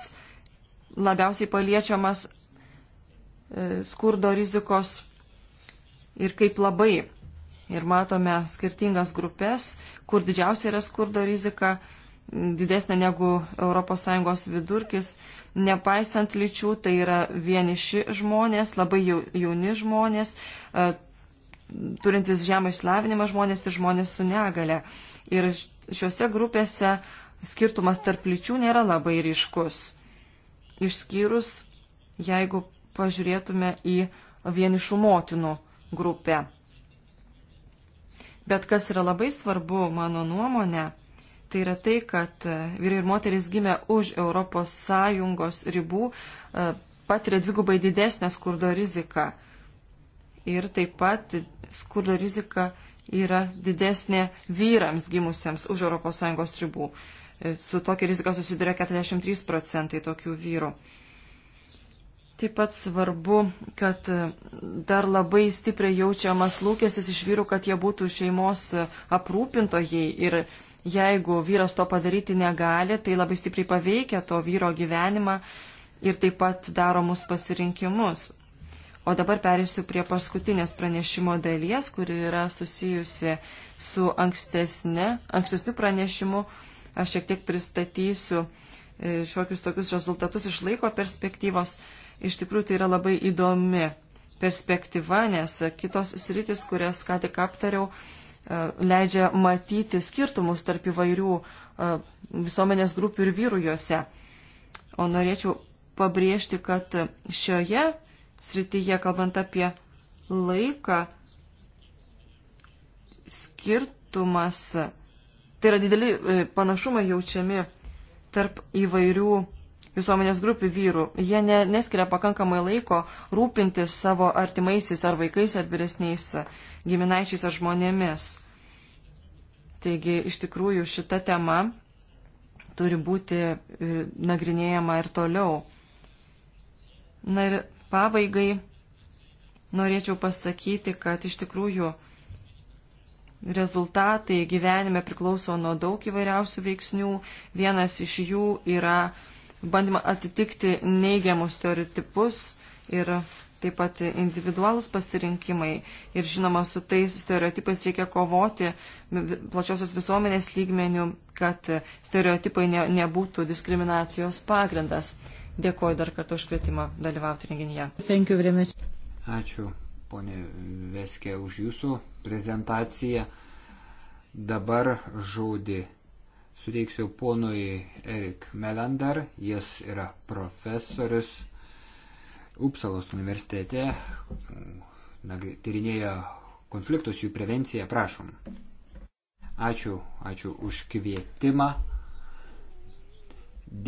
Speaker 2: labiausiai paliečiamas e, skurdo rizikos ir kaip labai. Ir matome skirtingas grupės, kur didžiausia yra skurdo rizika didesnė negu ES vidurkis, nepaisant lyčių, tai yra vieniši žmonės, labai jauni žmonės, e, turintys žemą išslavinimą žmonės ir žmonės su negale. Ir šiuose grupėse skirtumas tarp lyčių nėra labai ryškus. Išskyrus, jeigu pažiūrėtume į vienišų motinų grupę. Bet kas yra labai svarbu, mano nuomonė, Tai yra tai, kad e, vyrai ir moteris gimė už ES ribų e, patiria dvigubai didesnę skurdo riziką. Ir taip pat skurdo rizika yra didesnė vyrams gimusiems už ES ribų. E, su tokia rizika susiduria 43 procentai tokių vyrų. Taip pat svarbu, kad dar labai stipriai jaučiamas lūkestis iš vyrų, kad jie būtų šeimos aprūpintojai ir Jeigu vyras to padaryti negali, tai labai stipriai paveikia to vyro gyvenimą ir taip pat daromus pasirinkimus. O dabar perėsiu prie paskutinės pranešimo dalies, kuri yra susijusi su ankstesne, ankstesniu pranešimu. Aš šiek tiek pristatysiu e, šiokius tokius rezultatus iš laiko perspektyvos. Iš tikrųjų, tai yra labai įdomi perspektyva, nes kitos sritis, kurias ką tik aptariau, E, leidžia matyti skirtumus tarp įvairių e, visuomenės grupių ir vyrų juose. O norėčiau pabrėžti, kad šioje srityje, kalbant apie laiką, skirtumas, tai yra dideli e, panašumai jaučiami tarp įvairių visuomenės grupių vyrų. Jie ne, neskiria pakankamai laiko rūpintis savo artimaisiais ar vaikais ar vyresniais giminaičiais ar žmonėmis. Taigi iš tikrųjų šita tema turi būti e, nagrinėjama ir toliau. Na ir pabaigai norėčiau pasakyti, kad iš tikrųjų rezultatai gyvenime priklauso nuo daug įvairiausių veiksnių. Vienas iš jų yra bandymą atitikti neigiamus stereotipus ir taip pat individualus pasirinkimai. Ir žinoma, su tais stereotipais reikia kovoti plačiosios visuomenės lygmenių, kad stereotipai ne, nebūtų diskriminacijos pagrindas. Dėkuoju dar kartą už kvietimą dalyvauti renginyje.
Speaker 3: Ačiū, ponė Veskė, už jūsų prezentaciją. Dabar žodį suteiksiu ponui Erik Melandar, jis yra profesorius Upsalos universitete, tyrinėja konfliktus, jų prevenciją, prašom. Ačiū, ačiū už kvietimą.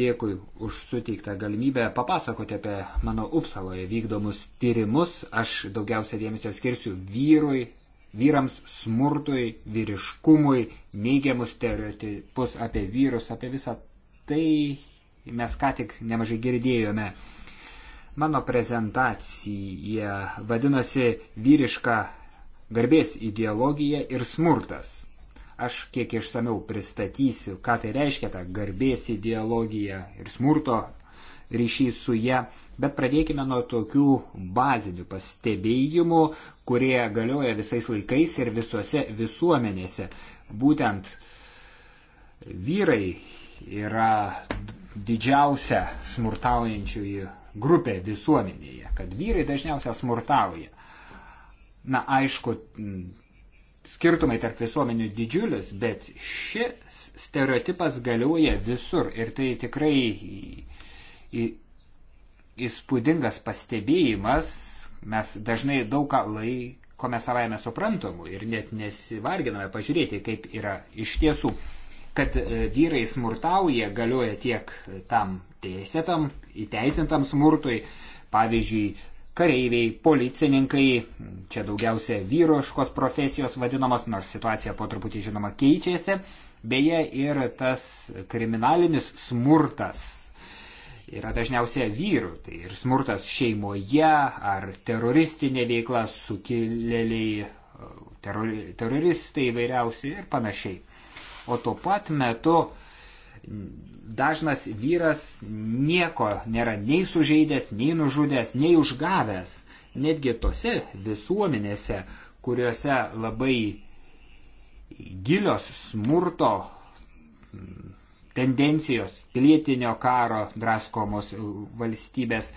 Speaker 3: Dėkui už suteiktą galimybę papasakoti apie mano Upsaloje vykdomus tyrimus. Aš daugiausia dėmesio skirsiu vyrui vyrams smurtui, vyriškumui, neigiamus stereotipus apie vyrus, apie visą tai mes ką tik nemažai girdėjome. Mano prezentacija vadinasi vyriška garbės ideologija ir smurtas. Aš kiek išsameu pristatysiu, ką tai reiškia ta garbės ideologija ir smurto ryšys su ją, bet pradėkime nuo tokių bazinių pastebėjimų, kurie galioja visais laikais ir visose visuomenėse. Būtent vyrai yra didžiausia smurtaujančiųjų grupė visuomenėje, kad vyrai dažniausiai smurtauja. Na, aišku, skirtumai tarp visuomenių didžiulis, bet šis stereotipas galioja visur ir tai tikrai įspūdingas pastebėjimas, mes dažnai daug ką laikome savaime suprantamu ir net nesivarginame pažiūrėti, kaip yra iš tiesų, kad e, vyrai smurtauja, galioja tiek tam teisėtam, įteisintam smurtui, pavyzdžiui, kareiviai, policininkai, čia daugiausia vyroškos profesijos vadinamos, nors situacija po truputį žinoma keičiasi, beje ir tas kriminalinis smurtas yra dažniausiai vyrų. Tai ir smurtas šeimoje, ar teroristinė veikla, sukilėliai, terori, teroristai įvairiausi ir panašiai. O tuo pat metu dažnas vyras nieko nėra nei sužeidęs, nei nužudęs, nei užgavęs. Netgi tose visuomenėse, kuriuose labai gilios smurto tendencijos pilietinio karo draskomos valstybės.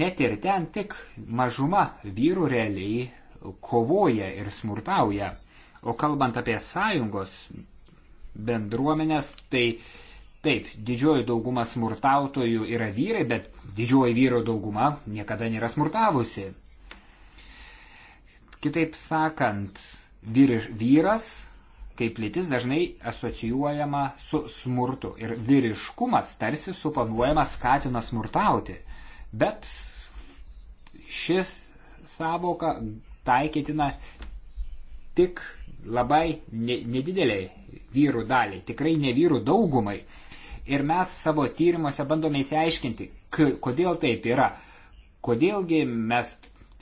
Speaker 3: Net ir ten tik mažuma vyrų realiai kovoja ir smurtauja. O kalbant apie sąjungos bendruomenės, tai taip, didžioji dauguma smurtautojų yra vyrai, bet didžioji vyro dauguma niekada nėra smurtavusi. Kitaip sakant, vyriš, vyras kaip lytis dažnai asocijuojama su smurtu ir vyriškumas tarsi suponuojama skatina smurtauti. Bet šis savoka taikytina tik labai nedideliai vyrų daliai, tikrai ne vyrų daugumai. Ir mes savo tyrimuose bandome įsiaiškinti, kodėl taip yra, kodėlgi mes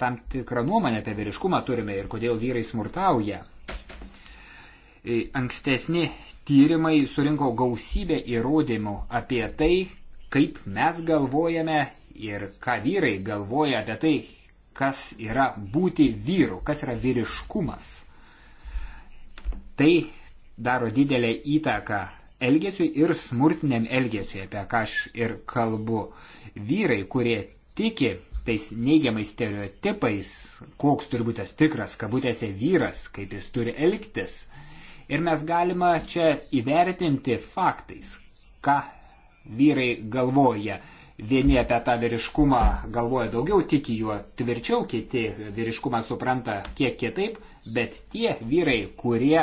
Speaker 3: tam tikrą nuomonę apie vyriškumą turime ir kodėl vyrai smurtauja. E, ankstesni tyrimai surinko gausybę įrodymų apie tai, kaip mes galvojame ir ką vyrai galvoja apie tai, kas yra būti vyru, kas yra vyriškumas. Tai daro didelę įtaką elgesiui ir smurtiniam elgesiui, apie ką aš ir kalbu. Vyrai, kurie tiki tais neigiamais stereotipais, koks turi būti tas tikras, kabutėse vyras, kaip jis turi elgtis, Ir mes galima čia įvertinti faktais, ką vyrai galvoja. Vieni apie tą vyriškumą galvoja daugiau, tiki juo tvirčiau, kiti vyriškumą supranta kiek kitaip, bet tie vyrai, kurie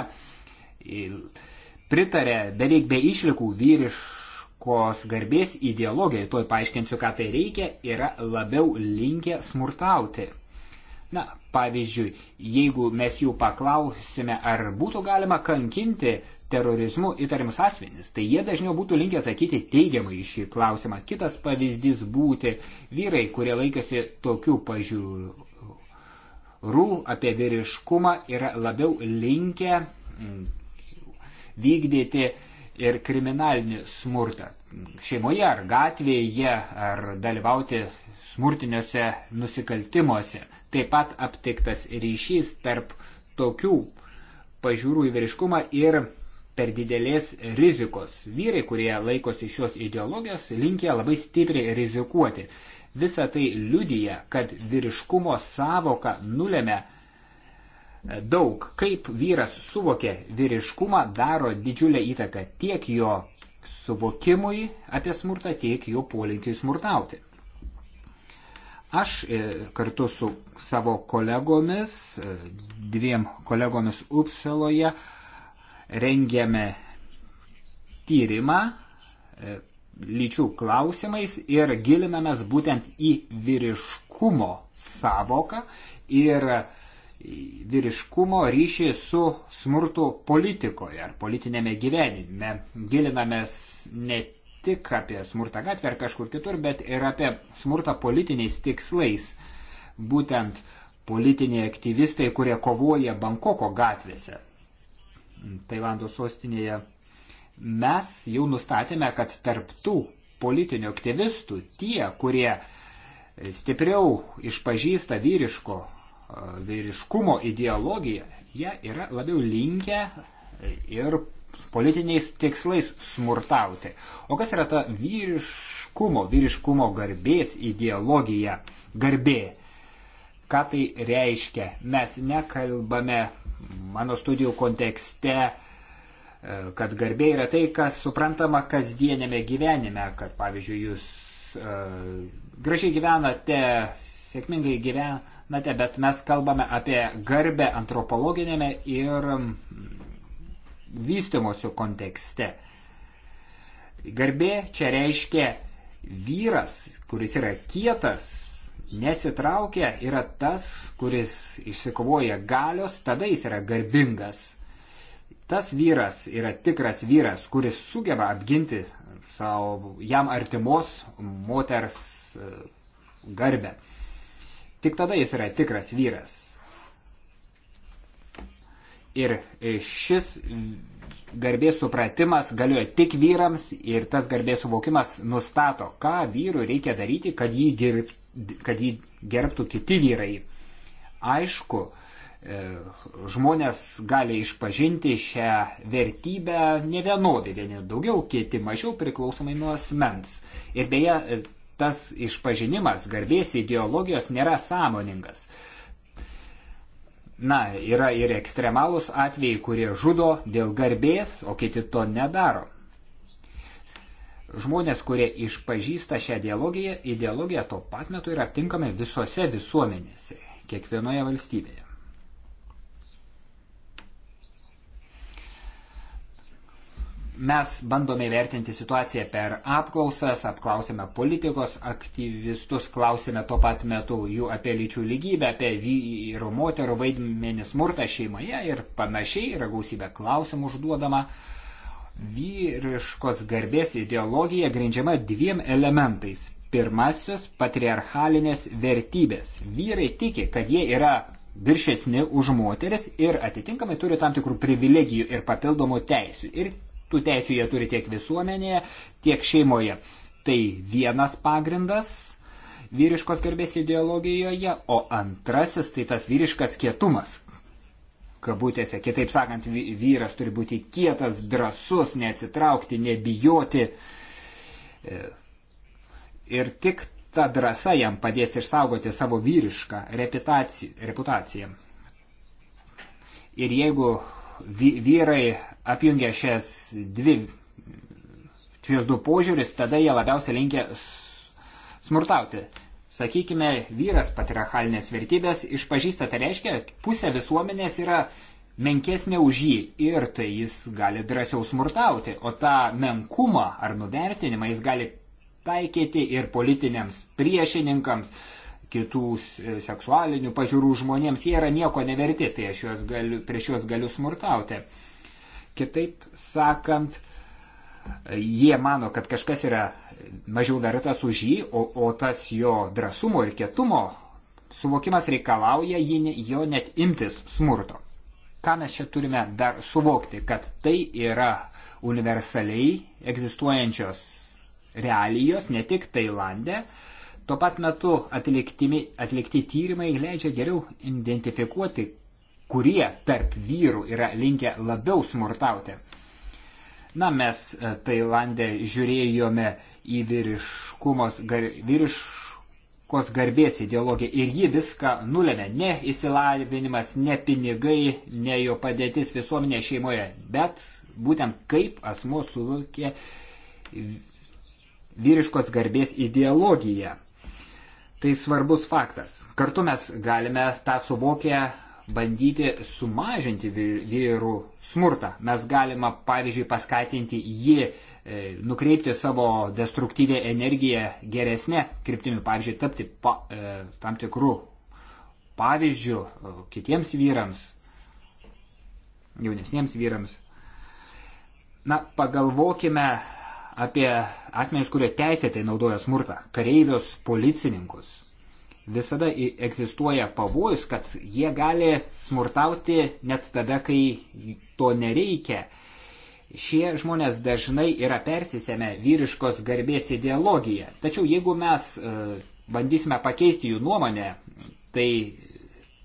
Speaker 3: pritarė beveik be išlikų vyriškos garbės ideologijai, toj paaiškinsiu, ką tai reikia, yra labiau linkę smurtauti. Na, pavyzdžiui, jeigu mes jų paklausime, ar būtų galima kankinti terorizmu įtariamus asmenys, tai jie dažniau būtų linkę atsakyti teigiamai į šį klausimą. Kitas pavyzdys būti vyrai, kurie laikėsi tokių pažiūrų apie vyriškumą, yra labiau linkę mm, vykdyti ir kriminalinį smurtą šeimoje ar gatvėje, ar dalyvauti smurtiniuose nusikaltimuose. Taip pat aptiktas ryšys tarp tokių pažiūrų į vyriškumą ir per didelės rizikos. Vyrai, kurie laikosi šios ideologijos, linkia labai stipriai rizikuoti. Visa tai liudyja, kad vyriškumo savoka nulėmė daug. Kaip vyras suvokia vyriškumą, daro didžiulę įtaką tiek jo suvokimui apie smurtą, tiek jo polinkiui smurtauti. Aš e, kartu su savo kolegomis, e, dviem kolegomis Upsaloje, rengėme tyrimą e, lyčių klausimais ir gilinamės būtent į vyriškumo savoką ir vyriškumo ryšį su smurtu politikoje ar politinėme gyvenime. Gilinamės ne tik apie smurtą gatvę ar kažkur kitur, bet ir apie smurtą politiniais tikslais. Būtent politiniai aktyvistai, kurie kovoja Bankoko gatvėse, Tailando sostinėje. Mes jau nustatėme, kad tarptų politinių aktyvistų tie, kurie stipriau išpažįsta vyriško, e, vyriškumo ideologiją, jie yra labiau linkę ir politiniais tikslais smurtauti. O kas yra ta vyriškumo, vyriškumo garbės ideologija, garbė? Ką tai reiškia? Mes nekalbame mano studijų kontekste, e, kad garbė yra tai, kas suprantama kasdienėme gyvenime, kad pavyzdžiui jūs e, gražiai gyvenate, sėkmingai gyvenate, bet mes kalbame apie garbę antropologinėme ir vystimosių kontekste. Garbė čia reiškia vyras, kuris yra kietas, nesitraukia, yra tas, kuris išsikovoja galios, tada jis yra garbingas. Tas vyras yra tikras vyras, kuris sugeba apginti savo jam artimos moters e, garbę. Tik tada jis yra tikras vyras. Ir šis garbės supratimas galioja tik vyrams ir tas garbės suvokimas nustato, ką vyrui reikia daryti, kad jį, gerb, kad jį gerbtų kiti vyrai. Aišku, e, žmonės gali išpažinti šią vertybę ne vienodai, vieni daugiau, kiti mažiau priklausomai nuo asmens. Ir beje, tas išpažinimas garbės ideologijos nėra sąmoningas. Na, yra ir ekstremalūs atvejai, kurie žudo dėl garbės, o kiti to nedaro. Žmonės, kurie išpažįsta šią ideologiją, ideologiją tuo pat metu yra aptinkami visose visuomenėse, kiekvienoje valstybėje. Mes bandome įvertinti situaciją per apklausas, apklausėme politikos aktyvistus, klausėme tuo pat metu jų apie lyčių lygybę, apie vyrų moterų vaidmenį smurtą šeimoje ir panašiai, yra gausybė klausimų užduodama. Vyriškos garbės ideologija grindžiama dviem elementais. Pirmasis - patriarchalinės vertybės. Vyrai tiki, kad jie yra viršesni už moteris ir atitinkamai turi tam tikrų privilegijų ir papildomų teisių. Ir tų teisių jie turi tiek visuomenėje, tiek šeimoje. Tai vienas pagrindas vyriškos garbės ideologijoje, o antrasis tai tas vyriškas kietumas. Kabutėse, kitaip sakant, vyras turi būti kietas, drasus, neatsitraukti, nebijoti. E, ir tik ta drąsa jam padės išsaugoti savo vyrišką reputaciją. Ir jeigu vyrai apjungia šias dvi, šias du požiūris, tada jie labiausiai linkia smurtauti. Sakykime, vyras patriarchalinės vertybės išpažįsta, tai reiškia, pusė visuomenės yra menkesnė už jį ir tai jis gali drąsiau smurtauti, o tą menkumą ar nuvertinimą jis gali taikyti ir politiniams priešininkams, kitų seksualinių pažiūrų žmonėms, jie yra nieko neverti, tai aš juos galiu, prieš juos galiu smurtauti. Kitaip sakant, jie mano, kad kažkas yra mažiau vertas už jį, o, o tas jo drąsumo ir kietumo suvokimas reikalauja jį, jo net imtis smurto. Ką mes čia turime dar suvokti, kad tai yra universaliai egzistuojančios realijos, ne tik Tailande. Tuo pat metu atliktimi, atlikti tyrimai leidžia geriau identifikuoti, kurie tarp vyrų yra linkę labiau smurtauti. Na, mes e, Tailandė žiūrėjome į gar, vyriškos garbės ideologiją ir ji viską nulėmė. Ne įsilavinimas, ne pinigai, ne jo padėtis visuomenė šeimoje, bet būtent kaip asmo suvokė vyriškos garbės ideologiją. Tai svarbus faktas. Kartu mes galime tą suvokę bandyti sumažinti vyrų smurtą. Mes galime, pavyzdžiui, paskatinti jį e, nukreipti savo destruktyvę energiją geresnė kryptimi, pavyzdžiui, tapti pa, e, tam tikrų pavyzdžių e, kitiems vyrams, jaunesniems vyrams. Na, pagalvokime apie asmenys, kurie teisėtai naudoja smurtą - kareivius, policininkus visada egzistuoja pavojus, kad jie gali smurtauti net tada, kai to nereikia. Šie žmonės dažnai yra persisėmę vyriškos garbės ideologiją. Tačiau jeigu mes e, bandysime pakeisti jų nuomonę, tai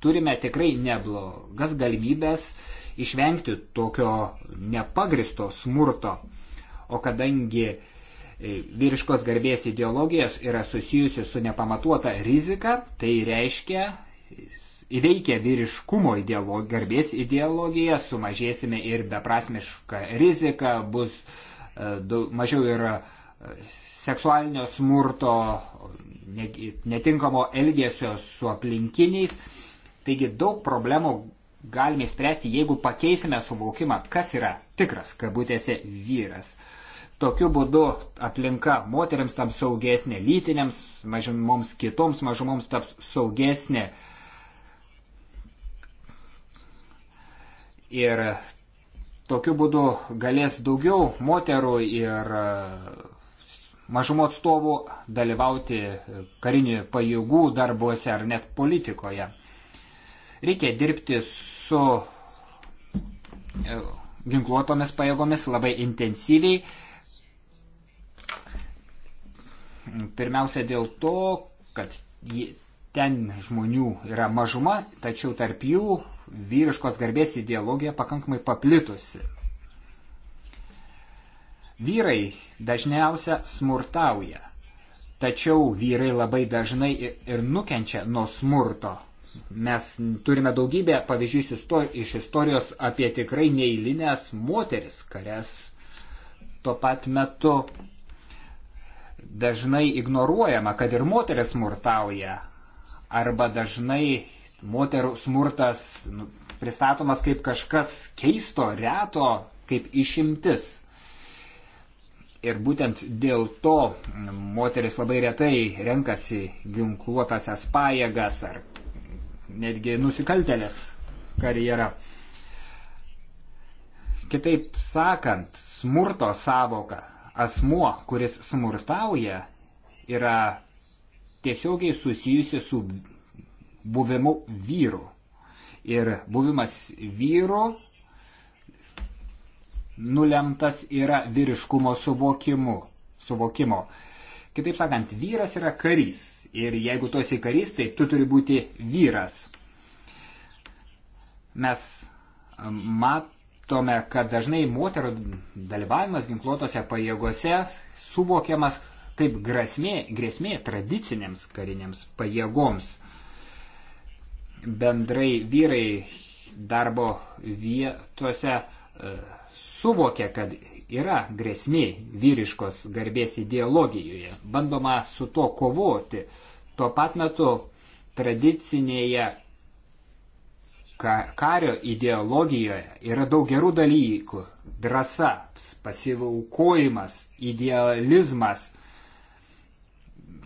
Speaker 3: turime tikrai neblogas galimybės išvengti tokio nepagristo smurto. O kadangi uh, E, vyriškos garbės ideologijos yra susijusi su nepamatuota rizika, tai reiškia įveikę vyriškumo ideolog, garbės ideologiją, sumažėsime ir beprasmišką riziką, bus e, du, mažiau yra e, seksualinio smurto, netinkamo elgesio su aplinkiniais. Taigi daug problemų galime spręsti, jeigu pakeisime suvokimą, kas yra tikras, kabutėse, vyras. Uh, Tokiu būdu aplinka moteriams taps saugesnė, lytiniams mažumoms, kitoms mažumoms taps saugesnė. Ir tokiu būdu galės daugiau moterų ir e, mažumo atstovų dalyvauti karinių pajėgų darbuose ar net politikoje. Reikia dirbti su e, ginkluotomis pajėgomis labai intensyviai, Pirmiausia dėl to, kad ten žmonių yra mažuma, tačiau tarp jų vyriškos garbės ideologija pakankamai paplitusi. Vyrai dažniausia smurtauja, tačiau vyrai labai dažnai ir nukenčia nuo smurto. Mes turime daugybę pavyzdžių iš istorijos apie tikrai neįlinės moteris, kurias tuo pat metu dažnai ignoruojama, kad ir moteris smurtauja, arba dažnai moterų smurtas nu, pristatomas kaip kažkas keisto, reto, kaip išimtis. Ir būtent dėl to mm, moteris labai retai renkasi ginkluotasias pajėgas ar netgi nusikaltelės karjerą. Kitaip sakant, smurto savoka asmuo, kuris smurtauja, yra tiesiogiai susijusi su buvimu vyru. Ir buvimas vyru nulemtas yra vyriškumo suvokimu, suvokimo. Kitaip sakant, vyras yra karys. Ir jeigu tu esi karys, tai tu turi būti vyras. Mes mat, matome, kad dažnai moterų dalyvavimas ginkluotose pajėgose suvokiamas kaip grasmė, grėsmė tradicinėms karinėms pajėgoms. Bendrai vyrai darbo vietose e, suvokia, kad yra grėsmė vyriškos garbės ideologijoje. Bandoma su to kovoti. Tuo pat metu tradicinėje kario ideologijoje yra daug gerų dalykų - drąsa, pasivaukojimas, idealizmas.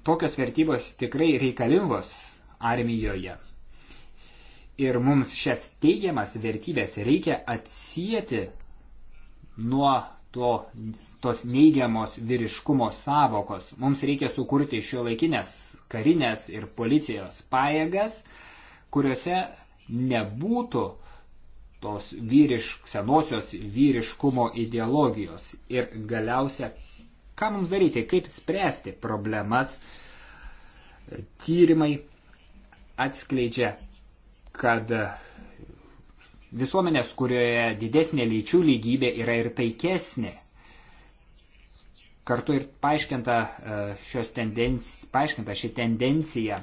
Speaker 3: Tokios vertybos tikrai reikalingos armijoje. Ir mums šias teigiamas vertybės reikia atsijėti nuo to, tos neigiamos vyriškumo savokos. Mums reikia sukurti šio laikinės karinės ir policijos pajėgas, kuriuose nebūtų tos vyrišk, senosios vyriškumo ideologijos. Ir galiausia, ką mums daryti, kaip spręsti problemas, tyrimai atskleidžia, kad visuomenės, kurioje didesnė lyčių lygybė yra ir taikesnė. Kartu ir paaiškinta, e, tendenci, paaiškinta ši tendencija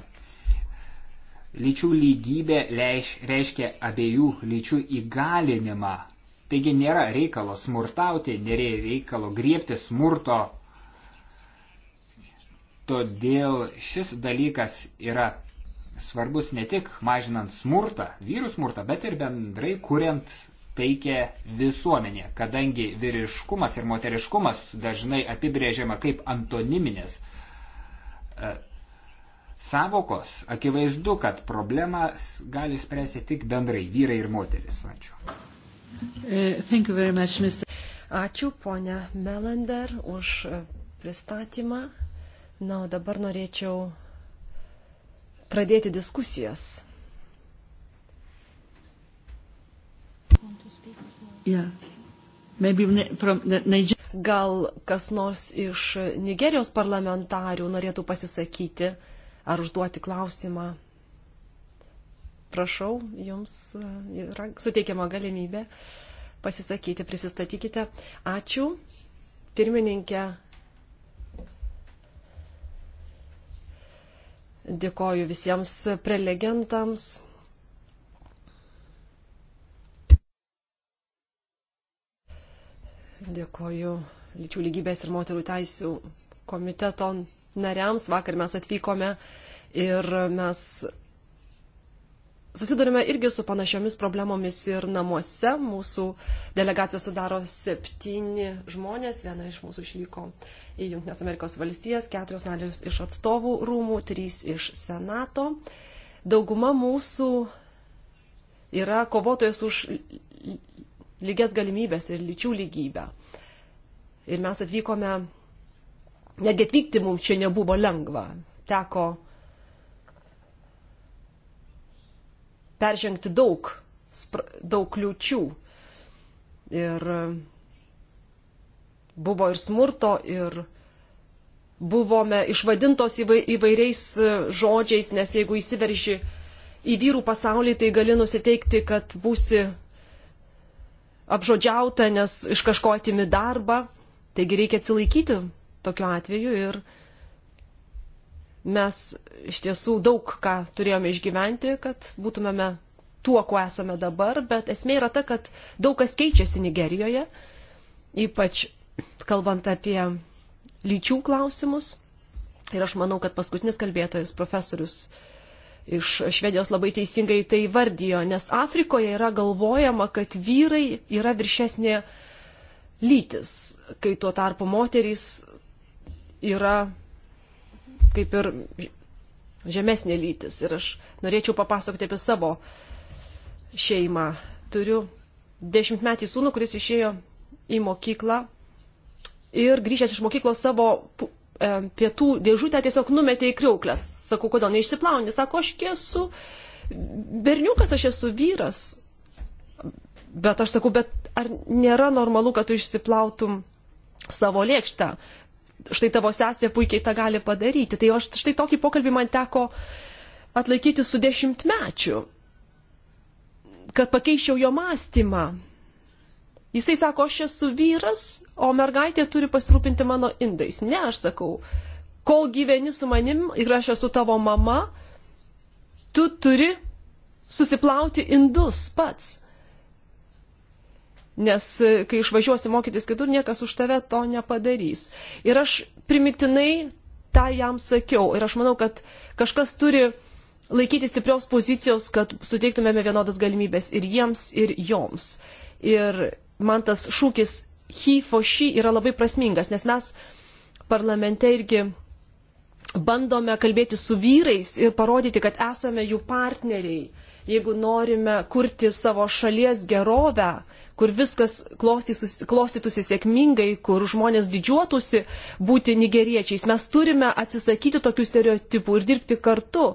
Speaker 3: Lyčių lygybė leiš, reiškia abiejų lyčių įgalinimą. Taigi nėra reikalo smurtauti, nėra reikalo griebti smurto. Todėl šis dalykas yra svarbus ne tik mažinant smurtą, vyrų smurtą, bet ir bendrai kuriant taikę visuomenė, kadangi vyriškumas ir moteriškumas dažnai apibrėžiama kaip antoniminės. E, savokos, akivaizdu, kad problemas gali spręsti tik bendrai vyrai ir moteris. Ačiū.
Speaker 1: E, much, Mr. Ačiū ponia Melander už e, pristatymą. Na, o dabar norėčiau pradėti diskusijas. Yeah. The... Gal kas nors iš Nigerijos parlamentarių norėtų pasisakyti? ar užduoti klausimą. Prašau, jums e, yra suteikiama galimybė pasisakyti, prisistatykite. Ačiū, pirmininkė. Dėkoju visiems prelegentams. Dėkoju lyčių lygybės ir moterų teisų komiteton nariams. Vakar mes atvykome ir mes susidurime irgi su panašiomis problemomis ir namuose. Mūsų delegacijos sudaro septyni žmonės, viena iš mūsų išvyko į Junktinės Amerikos valstijas, keturios narės iš atstovų rūmų, trys iš senato. Dauguma mūsų yra kovotojas už lygias galimybės ir lyčių lygybę. Ir mes atvykome Netgi atvykti mums čia nebuvo lengva. Teko peržengti daug, daug kliūčių. Ir buvo ir smurto, ir buvome išvadintos įvairiais e, žodžiais, nes jeigu įsiverži į vyrų pasaulį, tai gali nusiteikti, kad būsi apžodžiauta, nes iš kažko atimi darbą. Taigi reikia atsilaikyti tokiu atveju ir mes iš tiesų daug ką turėjome išgyventi, kad būtumėme tuo, kuo esame dabar, bet esmė yra ta, kad daug kas keičiasi Nigerijoje, ypač kalbant apie lyčių klausimus. Ir aš manau, kad paskutinis kalbėtojas, profesorius iš Švedijos labai teisingai tai vardijo, nes Afrikoje yra galvojama, kad vyrai yra viršesnė lytis, kai tuo tarpu moterys yra kaip ir žemesnė lytis. Ir aš norėčiau papasakoti apie savo šeimą. Turiu dešimtmetį sūnų, kuris išėjo į mokyklą ir grįžęs iš mokyklos savo e, pietų dėžutę tiesiog numetė į kriauklės. Sakau, kodėl neišsiplauni? Sako, aš esu berniukas, aš esu vyras. Bet aš sakau, bet ar nėra normalu, kad tu išsiplautum savo lėkštę? štai tavo sesė puikiai tą gali padaryti. Tai aš štai tokį pokalbį man teko atlaikyti su dešimtmečiu, kad pakeičiau jo mąstymą. Jisai sako, aš esu vyras, o mergaitė turi pasirūpinti mano indais. Ne, aš sakau, kol gyveni su manim ir aš esu tavo mama, tu turi susiplauti indus pats nes e, kai išvažiuosi mokytis kitur, niekas už tave to nepadarys. Ir aš primiktinai tą jam sakiau. Ir aš manau, kad kažkas turi laikyti stiprios pozicijos, kad suteiktumėme vienodas galimybės ir jiems, ir joms. Ir man tas šūkis he for she yra labai prasmingas, nes mes parlamente irgi bandome kalbėti su vyrais ir parodyti, kad esame jų partneriai. Jeigu norime kurti savo šalies gerovę, kur viskas klostytųsi sėkmingai, kur žmonės didžiuotųsi būti nigeriečiais. Mes turime atsisakyti tokių stereotipų ir dirbti kartu,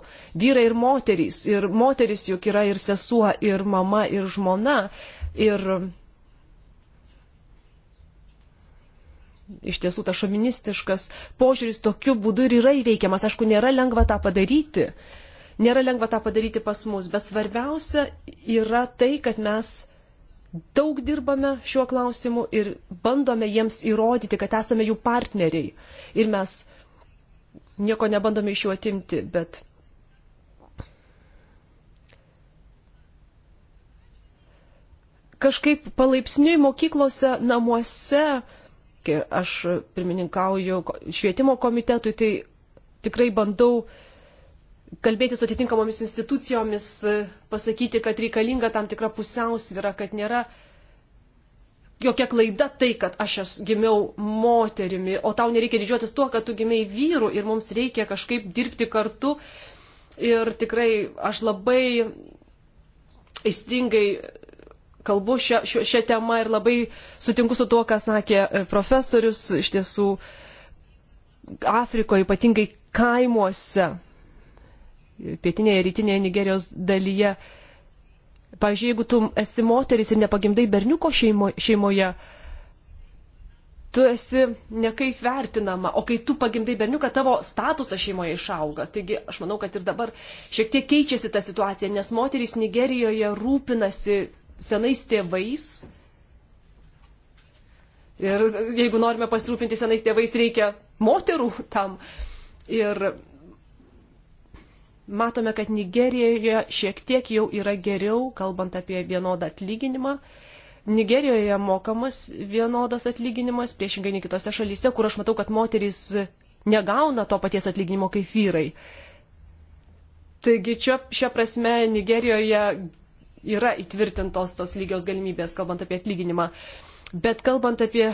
Speaker 1: vyrai ir moterys. Ir moteris juk yra ir sesuo, ir mama, ir žmona. Ir iš tiesų tas šovinistiškas požiūris tokiu būdu ir yra įveikiamas. Aišku, nėra lengva tą padaryti. Nėra lengva tą padaryti pas mus, bet svarbiausia yra tai, kad mes daug dirbame šiuo klausimu ir bandome jiems įrodyti, kad esame jų partneriai. Ir mes nieko nebandome iš jų atimti, bet. Kažkaip palaipsniui mokyklose, namuose, kai aš pirmininkauju švietimo komitetui, tai tikrai bandau uh, kalbėti su atitinkamomis institucijomis, pasakyti, kad reikalinga tam tikra pusiausvyra, kad nėra jokia klaida tai, kad aš esu gimiau moterimi, o tau nereikia didžiuotis tuo, kad tu gimiai vyru ir mums reikia kažkaip dirbti kartu. Ir tikrai aš labai aistringai kalbu šią, šią temą ir labai sutinku su tuo, ką sakė e, profesorius iš tiesų Afrikoje, ypatingai kaimuose pietinėje, rytinėje Nigerijos dalyje. Pavyzdžiui, jeigu tu esi moteris ir nepagimdai berniuko šeimo, šeimoje, tu esi nekaip vertinama, o kai tu pagimdai berniuką, tavo statusas šeimoje išauga. Taigi aš manau, kad ir dabar šiek tiek keičiasi ta situacija, nes moterys Nigerijoje rūpinasi senais tėvais. Ir jeigu norime pasirūpinti senais tėvais, reikia moterų tam. Ir matome, kad Nigerijoje šiek tiek jau yra geriau, kalbant apie vienodą atlyginimą. Nigerijoje mokamas vienodas atlyginimas, priešingai nei kitose šalyse, kur aš matau, kad moterys negauna to paties atlyginimo kaip vyrai. Taigi čia šią prasme Nigerijoje yra įtvirtintos tos lygios galimybės, kalbant apie atlyginimą. Bet kalbant apie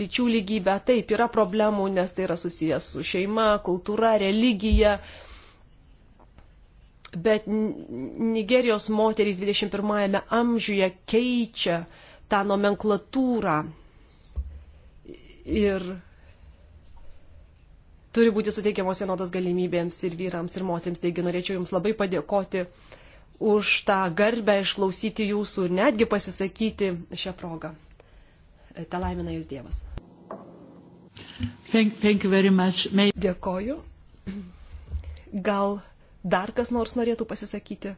Speaker 1: lyčių lygybę, taip, yra problemų, nes tai yra susijęs su šeima, kultūra, religija. Uh, bet Nigerijos moterys 21 amžiuje keičia tą nomenklatūrą ir turi būti suteikiamos vienodos galimybėms ir vyrams, ir moteriams. Taigi norėčiau Jums labai padėkoti už tą garbę išklausyti Jūsų ir netgi pasisakyti šią progą. Te laimina Jūs Dievas. Thank, thank you very much. May... Dėkoju. Gal Dar kas nors norėtų pasisakyti?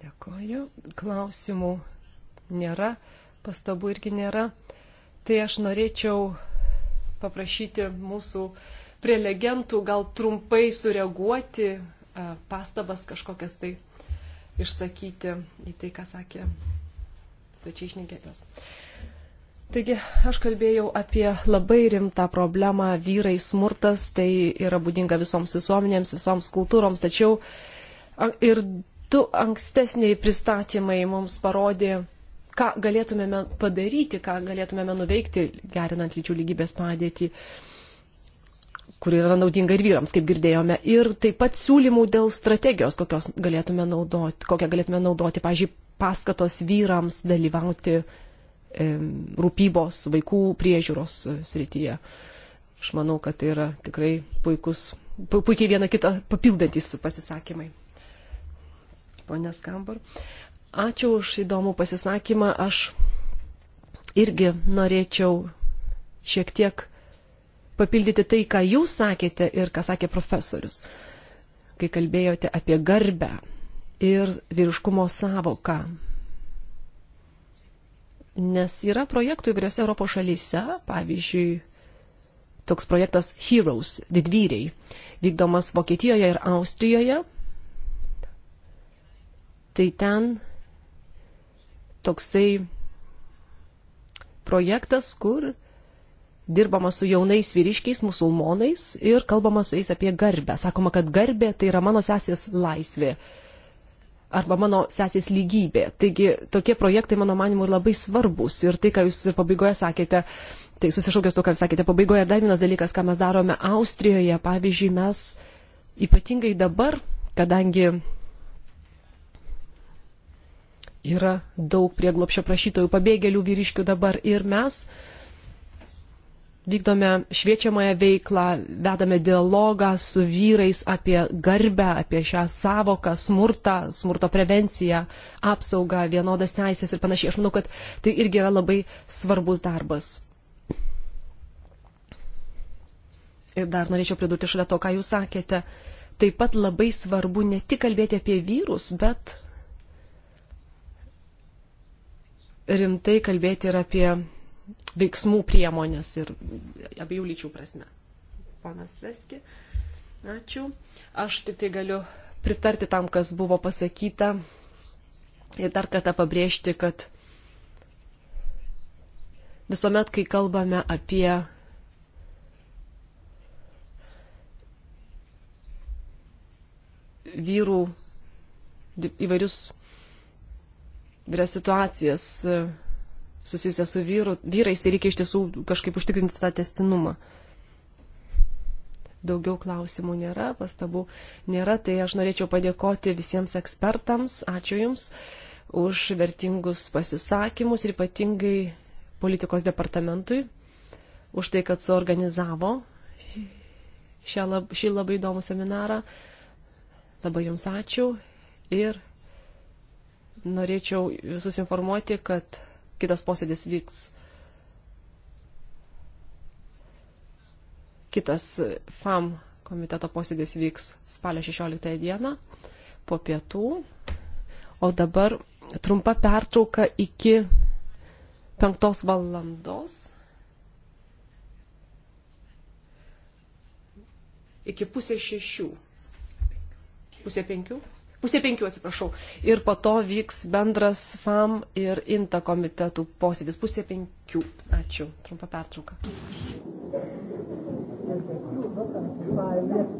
Speaker 1: Dėkoju. Klausimų nėra, pastabų irgi nėra. Tai aš norėčiau paprašyti mūsų prelegentų gal trumpai sureaguoti, e, pastabas kažkokias tai išsakyti į tai, ką sakė svečiai iš Nigerijos. Taigi, aš kalbėjau apie labai rimtą problemą - vyrai smurtas, tai yra būdinga visoms visuomenėms, visoms kultūroms, tačiau ir du ankstesniai pristatymai mums parodė, ką galėtumėme padaryti, ką galėtumėme nuveikti, gerinant lyčių lygybės padėtį. Uh, kuri yra naudinga ir vyrams, kaip girdėjome, ir taip pat siūlymų dėl strategijos, galėtume naudoti, kokią galėtume naudoti, pažiūrėjau, paskatos vyrams dalyvauti e, rūpybos vaikų priežiūros e, srityje. Aš manau, kad tai yra tikrai puikus, pu, puikiai viena kitą papildantis pasisakymai. Pone Skambar, ačiū už įdomų pasisakymą. Aš irgi norėčiau šiek tiek papildyti tai, ką jūs sakėte ir ką sakė profesorius, kai kalbėjote apie garbę ir vyriškumo savoką. Nes yra projektų įvairiose Europos šalyse, pavyzdžiui, toks projektas Heroes, didvyriai, vykdomas Vokietijoje ir Austrijoje. Tai ten toksai projektas, kur dirbama su jaunais vyriškiais musulmonais ir kalbama su jais apie garbę. Sakoma, kad garbė tai yra mano sesės laisvė arba mano sesės lygybė. Taigi tokie projektai, mano manimu, yra labai svarbus. Ir tai, ką jūs ir pabaigoje sakėte, tai susišaukęs to, ką sakėte pabaigoje, dar vienas dalykas, ką mes darome Austrijoje, pavyzdžiui, mes ypatingai dabar, kadangi yra daug prieglopšio prašytojų pabėgėlių vyriškių dabar ir mes vykdome šviečiamąją veiklą, vedame dialogą su vyrais apie garbę, apie šią savoką, smurtą, smurto prevenciją, apsaugą, vienodas teisės ir panašiai. Aš manau, kad tai irgi yra labai svarbus darbas. Ir dar norėčiau pridurti šalia to, ką jūs sakėte. Taip pat labai svarbu ne tik kalbėti apie vyrus, bet rimtai kalbėti ir apie veiksmų priemonės ir abiejų lyčių prasme. Panas Veski, ačiū. Aš tik tai galiu pritarti tam, kas buvo pasakyta ir dar kartą pabrėžti, kad visuomet, kai kalbame apie vyrų įvairius yra situacijas, susijusią su vyru, vyrais, tai reikia iš tiesų kažkaip užtikrinti tą testinumą. Daugiau klausimų nėra, pastabų nėra, tai aš norėčiau padėkoti visiems ekspertams, ačiū Jums už vertingus pasisakymus ir ypatingai politikos departamentui už tai, kad suorganizavo lab, šį labai įdomų seminarą. Labai Jums ačiū ir norėčiau visus informuoti, kad kitas posėdis vyks. Kitas FAM komiteto posėdis vyks spalio 16 dieną po pietų. O dabar trumpa pertrauka iki 5 valandos. Iki pusės šešių. Pusė penkių pusė penkių atsiprašau. Ir po to vyks bendras FAM ir INTA komitetų posėdis pusė penkių. Ačiū. Trumpa pertrauka. Thank you.